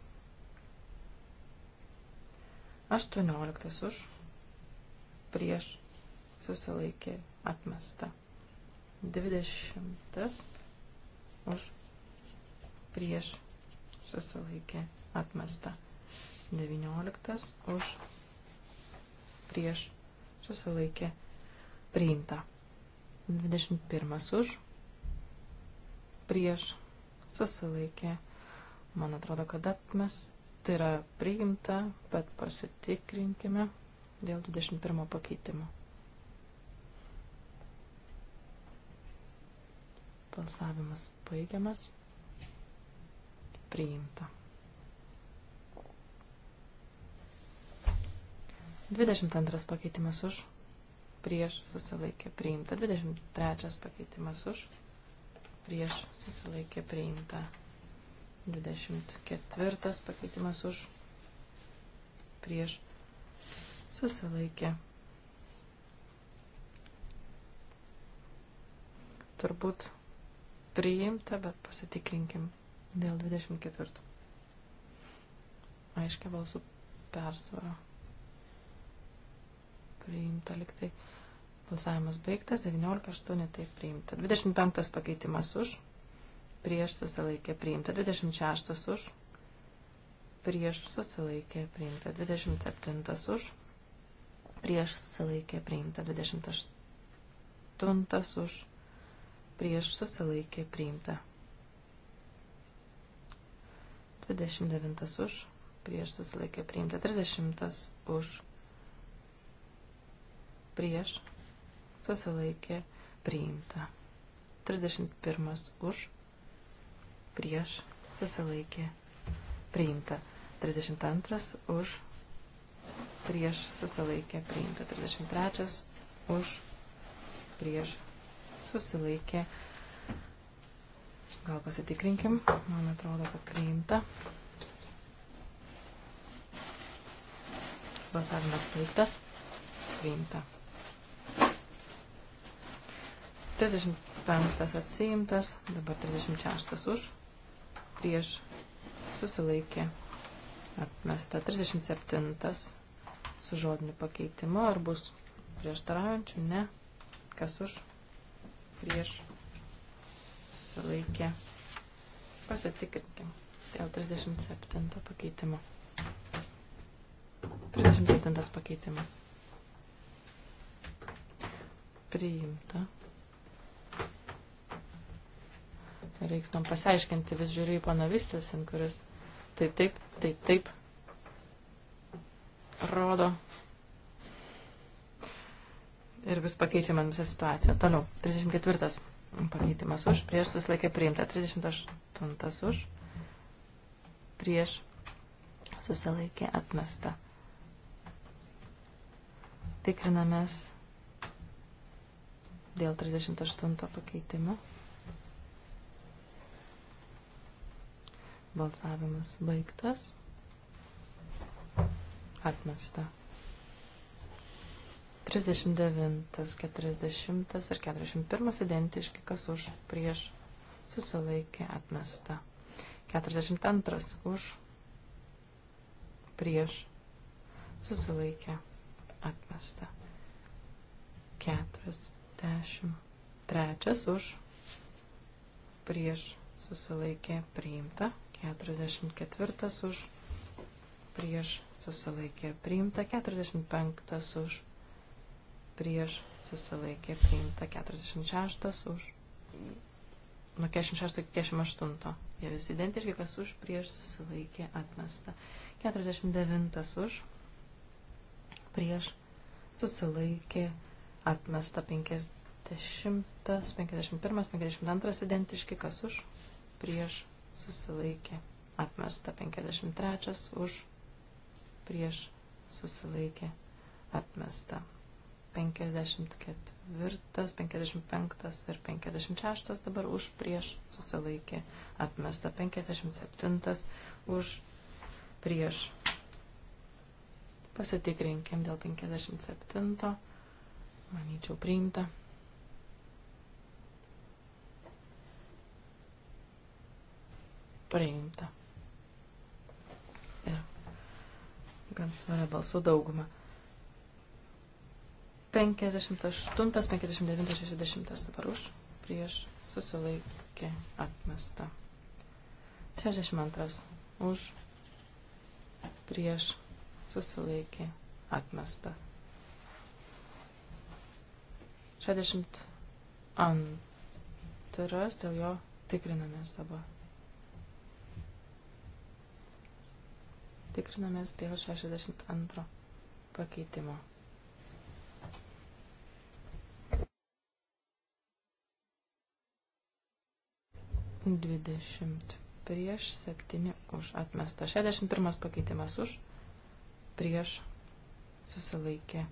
18 už, prieš, susilaikė, atmesta. 20 už, prieš, susilaikė, atmesta. 19 už, prieš, susilaikė, priimta. 21 už, prieš, susilaikė, man atrodo, kad atmesta Tai yra priimta, bet pasitikrinkime dėl 21 pakeitimo. Balsavimas baigiamas. Priimta. 22 pakeitimas už, prieš susilaikė priimta. 23 pakeitimas už, prieš susilaikė priimta. 24 pakeitimas už prieš susilaikė. Turbūt priimta, bet pasitikrinkim dėl 24. Aiškia balsų persvara. Priimta liktai. Balsavimas baigtas, 19.8 taip priimta. 25 pakeitimas už prieš susilaikė priimta, 26 už, prieš susilaikė priimta, 27 už, prieš susilaikė priimta, 28 už, prieš susilaikė priimta, 29 už, prieš susilaikė priimta, 30 už, prieš susilaikė priimta, 31 už, prieš susilaikė priimta. 32 už prieš susilaikė priimta. 33 už prieš susilaikė. Gal pasitikrinkim, man atrodo, kad priimta. Balsavimas baigtas. Priimta. 35 atsiimtas, dabar 36 už prieš susilaikė atmesta 37 su žodiniu pakeitimu. Ar bus prieštaraujančių? Ne. Kas už? Prieš susilaikė. Pasitikrinkim dėl 37 pakeitimo. 37 pakeitimas. Priimta. Reiks man pasiaiškinti, vis žiūri į panavistės, kuris tai taip, tai taip rodo. Ir vis pakeičia man visą situaciją. Toliau, 34 pakeitimas už, prieš susilaikė priimta, 38 už, prieš susilaikė atmesta. Tikrinamės dėl 38 pakeitimo. Balsavimas baigtas. Atmesta. 39, 40 ir 41 identiški, kas už prieš susilaikė atmesta. 42 už prieš susilaikė atmesta. 43 už prieš susilaikė priimta. 44 už, prieš susilaikė priimta, 45 už, prieš susilaikė priimta, 46 už, nuo 46 iki 48. Jie visi identiški, kas už, prieš susilaikė atmesta. 49 už, prieš susilaikė atmesta 50, 51, 52 identiški, kas už, prieš susilaikė, atmesta 53 už, prieš susilaikė, atmesta 54, 55 ir 56 dabar už, prieš susilaikė, atmesta 57 už, prieš. Pasitikrinkim dėl 57, manyčiau priimta. priimta. Ir gan svaria balsų dauguma. 58, 59, 60 dabar už, prieš, susilaikė, atmesta. 62 už, prieš, susilaikė, atmesta. 62 dėl jo tikrinamės dabar. Tikrinamės dėl 62 pakeitimo. Dvidešimt prieš, septyni už atmestą. Šešdešimt pirmas pakeitimas už, prieš susilaikė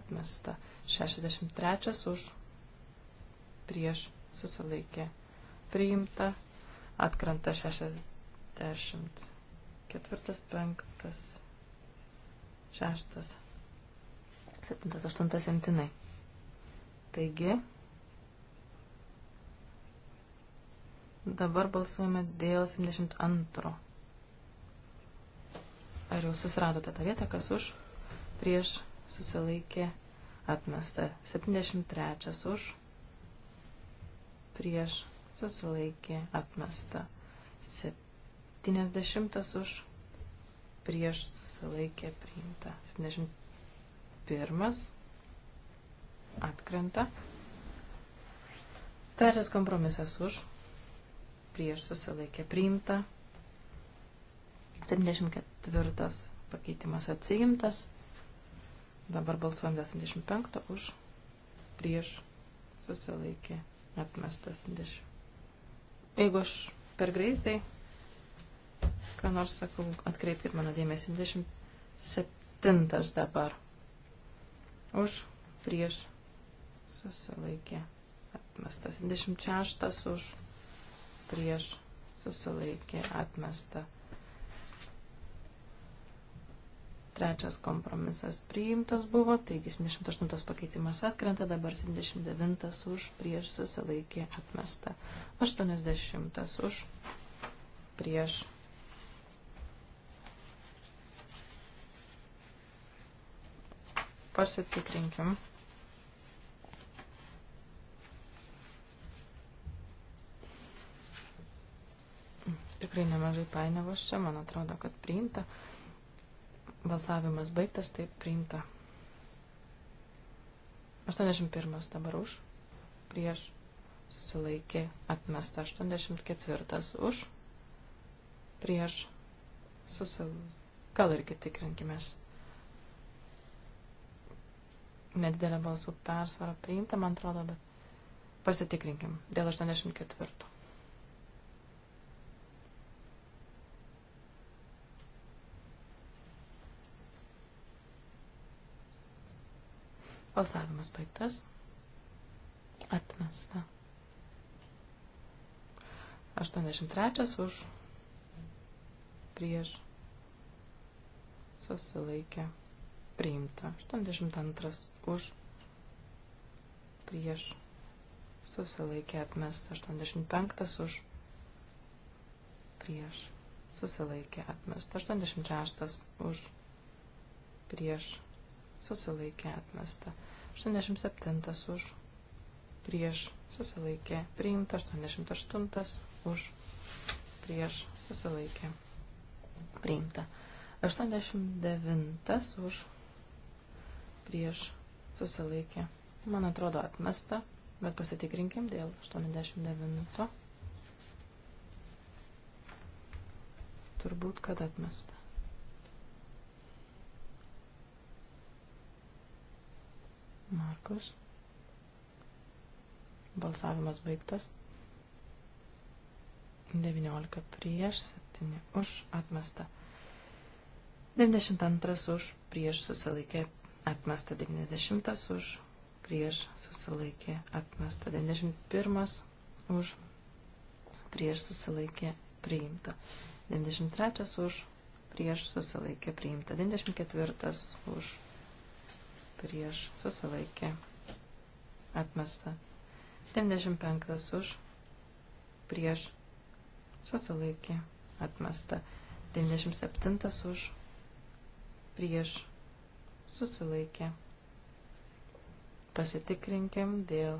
atmesta. Šešdešimt trečias už, prieš susilaikė priimta, atkrenta šešdešimt ketvirtas, penktas, šeštas, septintas, aštuntas imtinai. Taigi, dabar balsuojame dėl 72. Ar jau susiradote tą vietą, kas už, prieš, susilaikė, atmesta. 73 už, prieš, susilaikė, atmesta. 7 70 už prieš susilaikė priimta. 71 atkrenta. Trečias kompromisas už prieš susilaikė priimta. 74 pakeitimas atsiimtas. Dabar balsuojam 75 už prieš susilaikė atmestas 10. Jeigu aš per greitai ką nors sakau, atkreipkite mano dėmesį. 27 dabar. Už, prieš, susilaikė. Atmestas. 26 už, prieš, susilaikė. Atmesta. Trečias kompromisas priimtas buvo, taigi 78 pakeitimas atkrenta, dabar 79 už, prieš susilaikė atmesta, 80 už, prieš Pasitikrinkim. Tikrai nemažai painiavos čia, man atrodo, kad priimta. Balsavimas baigtas, taip priimta. 81 dabar už, prieš, susilaikė, atmesta 84 už, prieš, susilaikė. Gal irgi tikrinkimės nedidelė balsų persvara priimta, man atrodo, bet pasitikrinkim dėl 84. Balsavimas baigtas. Atmesta. 83 už prieš susilaikę priimta. 82 už, prieš, susilaikė atmesta. 85 už, prieš, susilaikė atmesta. 86 už, prieš, susilaikė atmesta. 87 už, prieš, susilaikė priimta. 88 už, prieš, susilaikė priimta. 89 už, prieš susilaikė. Man atrodo atmesta, bet pasitikrinkim dėl 89. Turbūt, kad atmesta. Markus. Balsavimas baigtas. 19 prieš, 7 už atmesta. 92 už prieš susilaikė atmesta 90 už, prieš susilaikė atmesta 91 už, prieš susilaikė priimta 93 už, prieš susilaikė priimta 94 už, prieš susilaikė atmesta 95 už, prieš susilaikė atmesta 97 už, prieš susilaikė. Pasitikrinkim dėl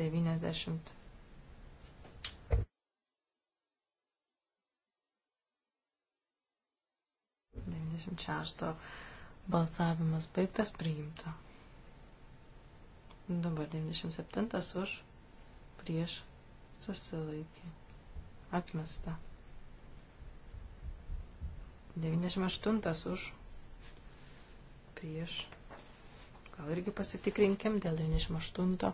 90. Devyniasdešimt šešto balsavimas baigtas priimta. Dabar 97 už prieš susilaikė. Atmesta. 98 už prieš. Gal irgi pasitikrinkim dėl 98.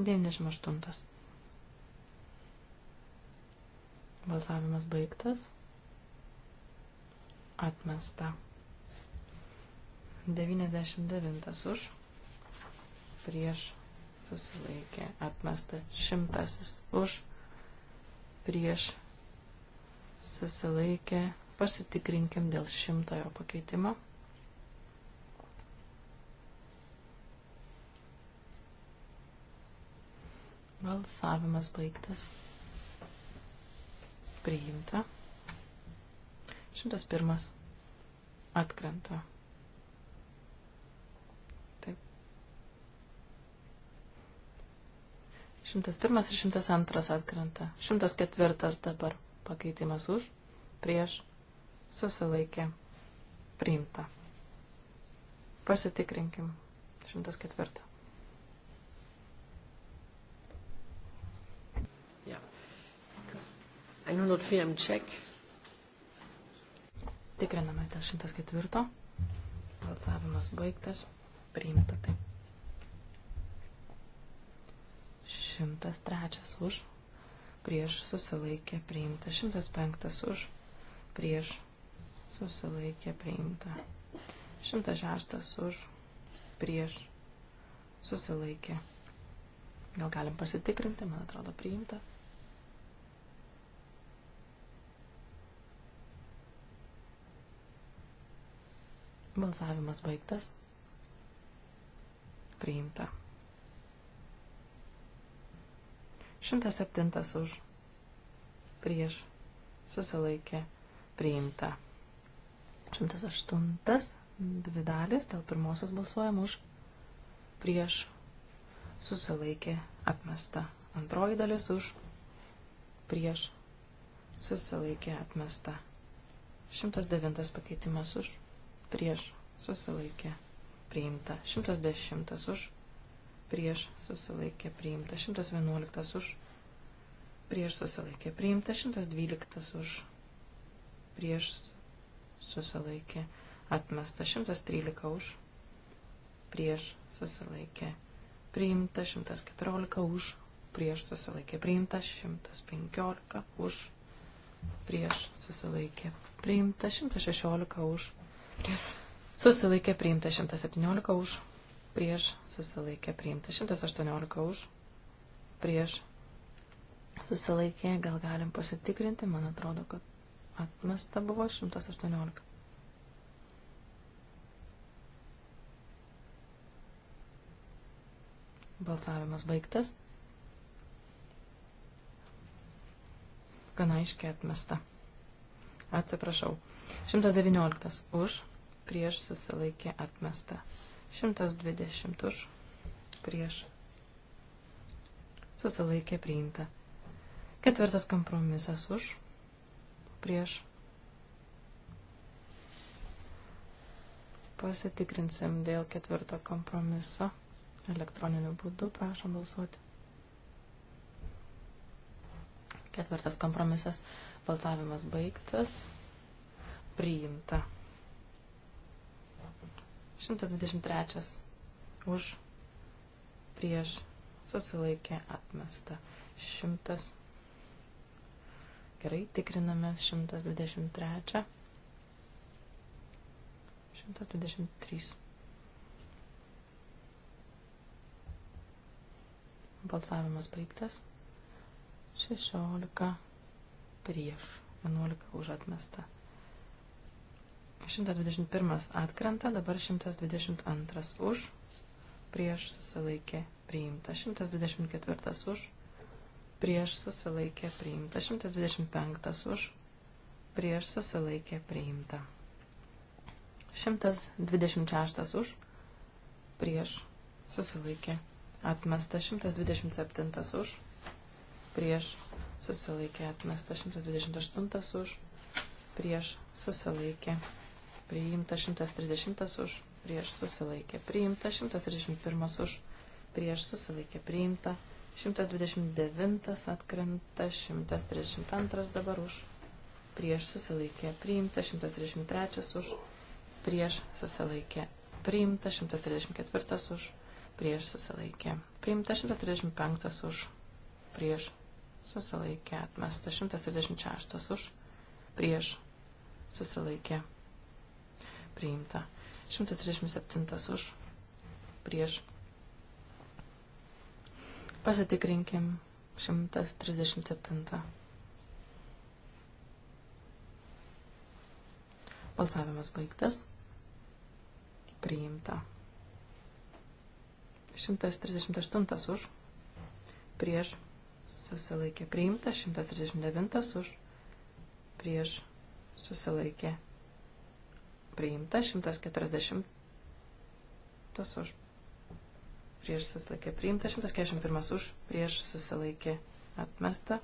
Devyniasdešimt aštuntas. Balsavimas baigtas. Atmesta. 99 už. Prieš susilaikė. Atmesta. Šimtasis už. Prieš susilaikė, pasitikrinkim dėl šimtojo pakeitimo. Balsavimas baigtas. Priimta. 101. Atkrenta. Taip. 101 ir 102 atkrenta. 104 dabar. Pakeitimas už, prieš, susilaikė, priimta. Pasitikrinkim. 104. Ja. 104 im Check. Tikrinamas dėl 104. Balsavimas baigtas. Priimta taip. 103 už prieš susilaikė priimta. 105 už, prieš susilaikė priimta. 106 už, prieš susilaikė. Gal galim pasitikrinti, man atrodo priimta. Balsavimas baigtas. Priimta. 107 už. Prieš. Susilaikė. Priimta. 108. Dvi dalis. Dėl pirmosios balsuojam už. Prieš. Susilaikė. Atmesta. Antroji dalis už. Prieš. Susilaikė. Atmesta. 109 pakeitimas už. Prieš. Susilaikė. Priimta. 110 už prieš susilaikė priimta 111 už, prieš susilaikė priimta 112 už, prieš susilaikė atmesta 113 už, prieš susilaikė priimta 114 už, prieš susilaikė priimta 115 už, prieš susilaikė priimta 116 už, prieš susilaikė priimta 117 už prieš susilaikė priimta. 118 už, prieš susilaikė, gal galim pasitikrinti, man atrodo, kad atmesta buvo 118. Balsavimas baigtas. Gana aiškiai atmesta. Atsiprašau. 119 už, prieš susilaikė atmesta. 120 už prieš. Susilaikė priimta. Ketvirtas kompromisas už prieš. Pasitikrinsim dėl ketvirto kompromiso elektroniniu būdu. Prašom balsuoti. Ketvirtas kompromisas. Balsavimas baigtas. Priimta. 123 už prieš susilaikė atmesta. 100. Gerai, tikriname 123. 123. Balsavimas baigtas. 16 prieš 11 už atmestą. 121 atkrenta, dabar 122 už, prieš susilaikė priimta, 124 už, prieš susilaikė priimta, 125 už, prieš susilaikė priimta, 126 už, prieš susilaikė atmesta, 127 už, prieš susilaikė atmesta, 128 už, prieš susilaikė atmesta priimta 130 už, prieš susilaikė priimta 131 už, prieš susilaikė priimta 129 atkrenta 132 dabar už, prieš susilaikė priimta 133 už, prieš susilaikė priimta 134 už, prieš susilaikė priimta 135 už, prieš susilaikė atmesta 136 už, prieš susilaikė priimta. 137 už, prieš. Pasitikrinkim 137. Balsavimas baigtas. Priimta. 138 už, prieš susilaikė priimta, 139 už, prieš susilaikė priimta priimta, 140 už prieš susilaikė priimta, 141 už prieš susilaikė atmesta,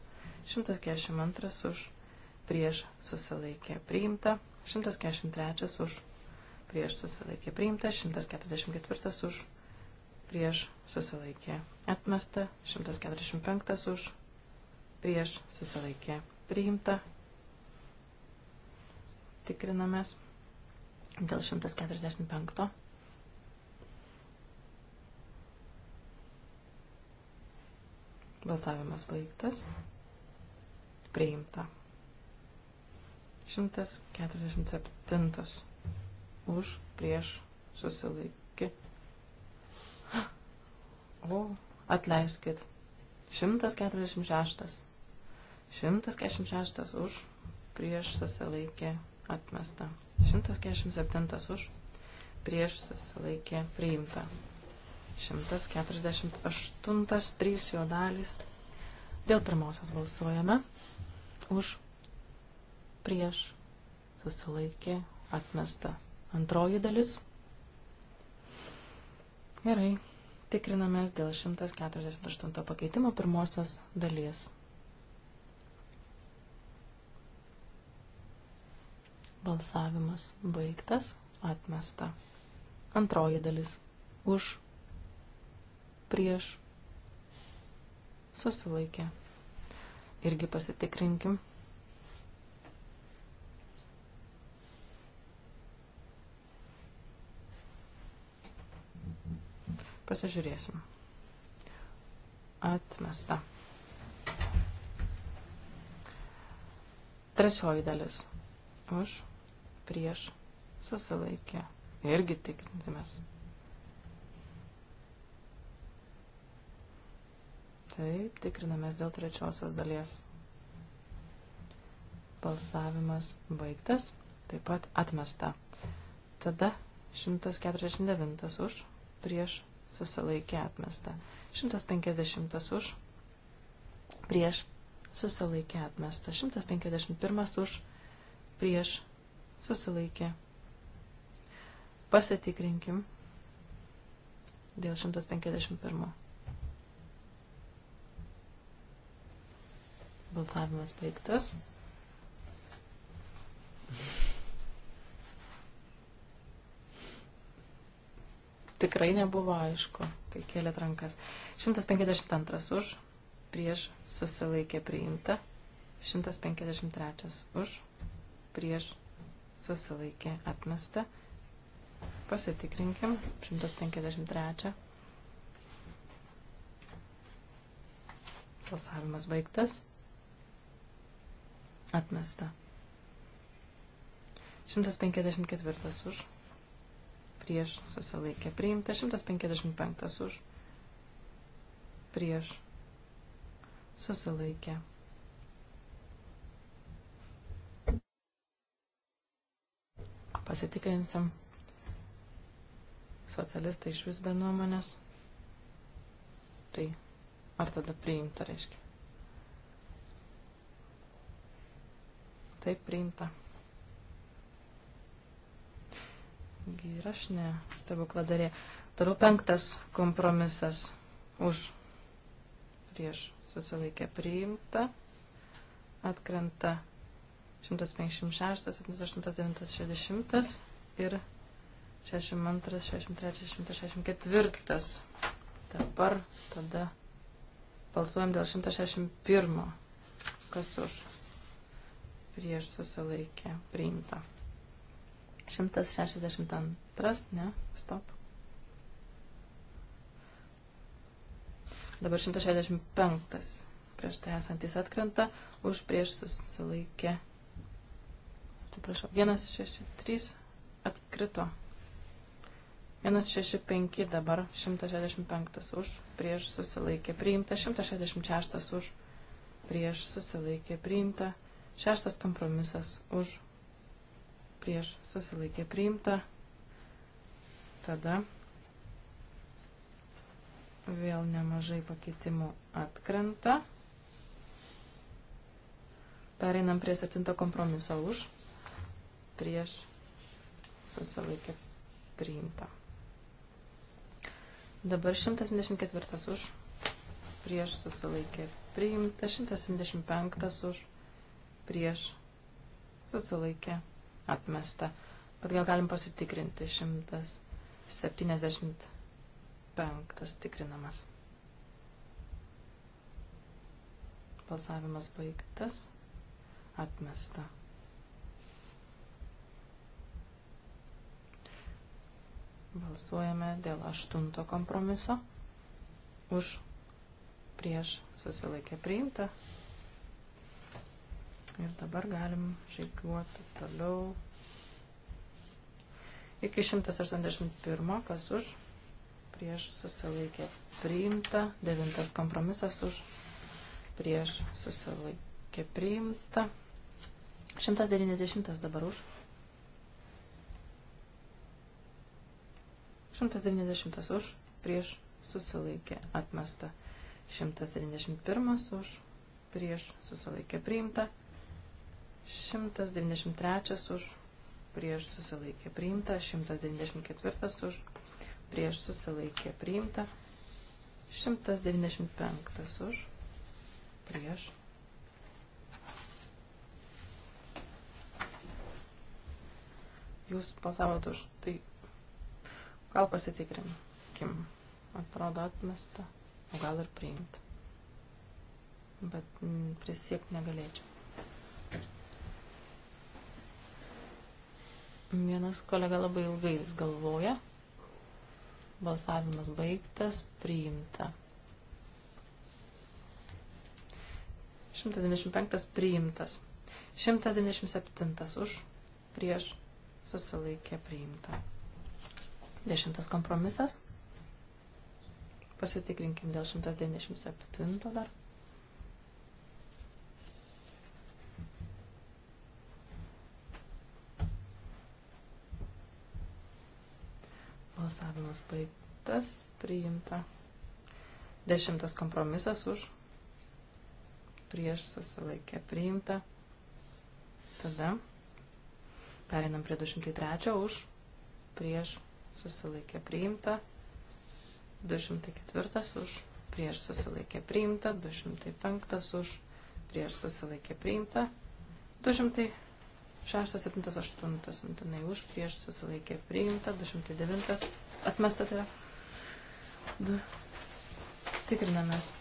142 už prieš susilaikė priimta, 143 už prieš susilaikė priimta, 144 už prieš susilaikė atmesta, 145 už prieš susilaikė priimta. Tikrinamės dėl 145. Balsavimas baigtas. Priimta. 147. Už, prieš, susilaikė. O, atleiskit. 146. 146 už, prieš, susilaikė, atmesta. 147 už, prieš susilaikė priimta. 148, 3 jo dalys. Dėl pirmosios balsuojame. Už, prieš susilaikė atmesta. Antroji dalis. Gerai. Tikrinamės dėl 148 pakeitimo pirmosios dalies. Balsavimas baigtas, atmesta. Antroji dalis. Už, prieš, susilaikė. Irgi pasitikrinkim. Pasižiūrėsim. Atmesta. Trečioji dalis. Už prieš susilaikė. Irgi tikrinsimės. Taip, tikrinamės dėl trečiosios dalies. Balsavimas baigtas, taip pat atmesta. Tada 149 už, prieš susilaikė atmesta. 150 už, prieš susilaikė atmesta. 151 už, prieš susilaikė. Pasitikrinkim dėl 151. Balsavimas baigtas. Tikrai nebuvo aišku, kai kėlė rankas. 152 už, prieš susilaikė priimta. 153 už, prieš susilaikė atmesta. Pasitikrinkim. 153. Balsavimas baigtas. Atmesta. 154 už. Prieš susilaikė priimta. 155 už. Prieš susilaikė priimta Pasitikrinsim. Socialistai iš vis be nuomonės. Tai ar tada priimta, reiškia? Taip priimta. Ir aš ne, stebukladarė. Toliau penktas kompromisas už prieš susilaikę priimta, atkrenta 156, 78, 960 ir 62, 63, 164. Dabar tada balsuojam dėl 161. Kas už? Prieš susilaikė. Priimta. 162. Ne? Stop. Dabar 165. Prieš tai esantis atkrenta. Už prieš susilaikė. Atsiprašau, 163 atkrito. 165 dabar, 165 už, prieš susilaikė priimta, 166 už, prieš susilaikė priimta, 6 kompromisas už, prieš susilaikė priimta. Tada vėl nemažai pakeitimų atkrenta. Pereinam prie 7 kompromiso už prieš susilaikė priimta. Dabar 124 už prieš susilaikė priimta, 175 už prieš susilaikė atmesta. Bet gal galim pasitikrinti 175 tikrinamas. Balsavimas baigtas. Atmesta. Balsuojame dėl aštunto kompromiso. Už prieš susilaikę priimta. Ir dabar galim žygiuoti toliau. Iki 181, kas už prieš susilaikė priimta. Devintas kompromisas už prieš susilaikė priimta. 190 dabar už 190 už, prieš susilaikė atmesta. 191 už, prieš susilaikė priimta. 193 už, prieš susilaikė priimta. 194 už, prieš susilaikė priimta. 195 už, prieš jūs balsavot už, tai Gal pasitikrinkim. Atrodo atmesta, o gal ir priimta. Bet mm, prisiekti negalėčiau. Vienas kolega labai ilgai vis galvoja. Balsavimas baigtas, priimta. 195 priimtas. 197 už, prieš, susilaikė priimta. Dešimtas kompromisas. Pasitikrinkim dėl 197 dar. Balsavimas baigtas, priimta. Dešimtas kompromisas už, prieš susilaikė, priimta. Tada perinam prie 203 už, prieš susilaikė priimta, 204 už, prieš susilaikė priimta, 205 už, prieš susilaikė priimta, 206, 7, 8 mintinai už, prieš susilaikė priimta, 209 atmesta tai yra. Du. Tikrinamės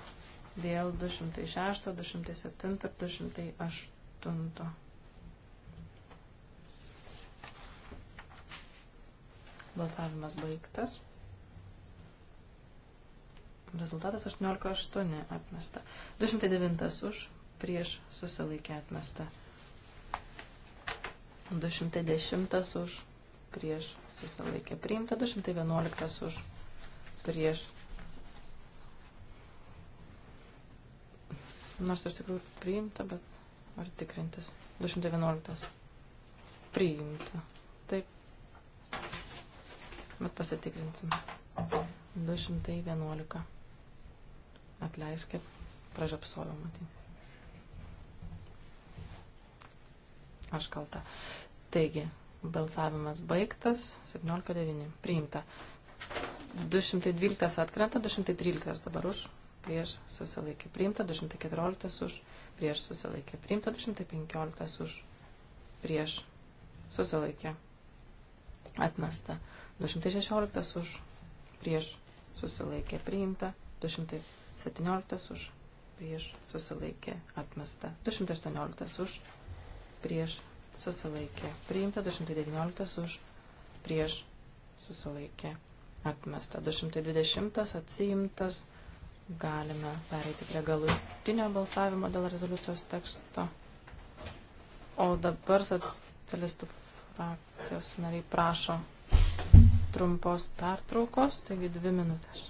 dėl 206, 207 ir 208. Balsavimas baigtas. Rezultatas 18.8 atmesta. 209 už, prieš susilaikė atmesta. 210 už, prieš susilaikė priimta. 211 už, prieš. Nors iš tikrųjų priimta, bet ar tikrintis. 211 priimta. Taip bet pasitikrinsim. 211. Atleiskit, pražapsojau matyti. Aš kalta. Taigi, balsavimas baigtas, 17.9. Priimta. 212 atkrenta, 213 dabar už, prieš susilaikė. Priimta, 214 už, prieš susilaikė. Priimta, 215 už, prieš susilaikė atmesta. 216 už prieš susilaikė priimta, 217 už prieš susilaikė atmesta, 218 už prieš susilaikė priimta, 219 už prieš susilaikė atmesta, 220 atsiimtas. Galime pereiti prie galutinio balsavimo dėl rezoliucijos teksto. O dabar socialistų frakcijos nariai prašo trumpos pertraukos, taigi dvi minutės.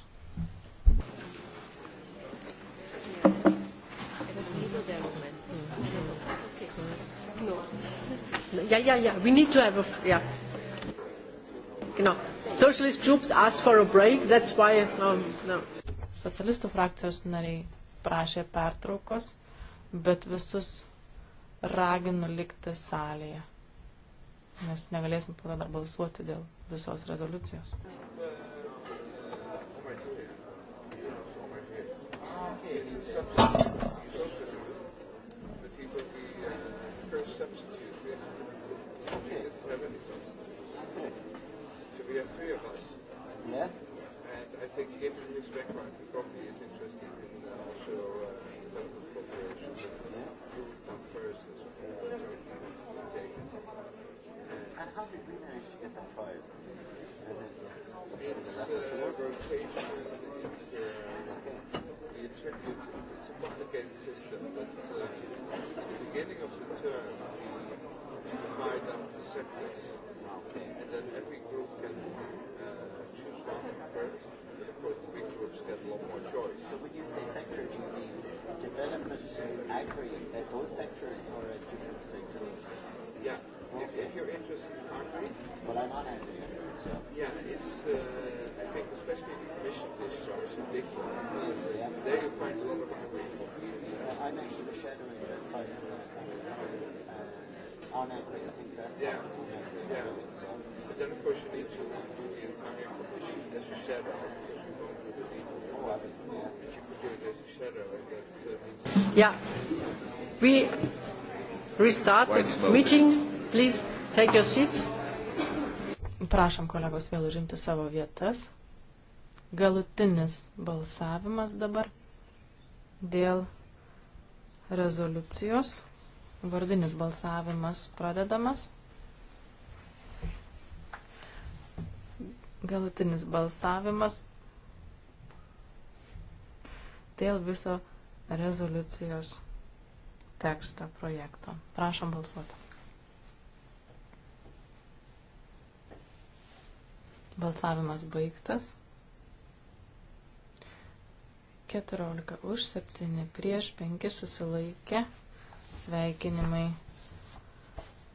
Ja, ja, ja, we need to have a, yeah. Genau. Socialist groups asked for a break, that's why, um, no. Socialistų frakcijos nariai prašė pertraukos, bet visus raginu likti salėje nes negalėsim po to dar balsuoti dėl visos rezoliucijos. We have three of us. Yeah? And I think given his background, how did we manage to get that fired? As in, it's, uh, rotation. It's, uh, we attribute, it's a complicated system, but uh, at the beginning of the term, we divide up the sectors, okay. and then every group can uh, choose one first. But of course, the big groups get a lot more choice. So when you say sectors, you mean development, agri, that those sectors are a different sector? Yeah. If, if you're interested in concrete. But I'm not answering it. So. Yeah, it's, uh, I think, especially the commission dishes are ridiculous. Uh, yeah. There you find a lot of hungry yeah, I'm actually shadowing that fight uh, on angry. I think that's yeah. on angry. Yeah. So. But then, of course, you need to do the entire commission as a shadow. Oh, obviously, yeah. But you could do it as a shadow, and that uh, means. Yeah. We restart the meeting. Please take your seats. Prašom kolegos vėl užimti savo vietas. Galutinis balsavimas dabar dėl rezoliucijos. Vardinis balsavimas pradedamas. Galutinis balsavimas dėl viso rezoliucijos teksto projekto. Prašom balsuoti. Balsavimas baigtas. 14 už 7 prieš 5 susilaikė. Sveikinimai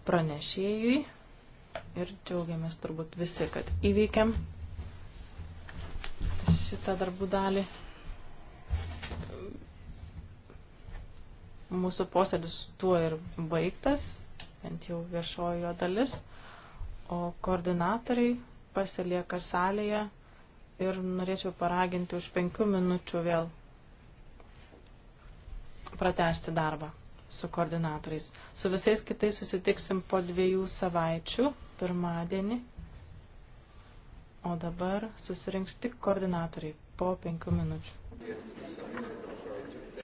pranešėjui. Ir džiaugiamės turbūt visi, kad įveikėm šitą darbų dalį. Mūsų posėdis tuo ir baigtas, bent jau viešojo dalis, o koordinatoriai pasilieka salėje ir norėčiau paraginti už penkių minučių vėl pratesti darbą su koordinatoriais. Su visais kitais susitiksim po dviejų savaičių, pirmadienį. O dabar susirinks tik koordinatoriai po penkių minučių.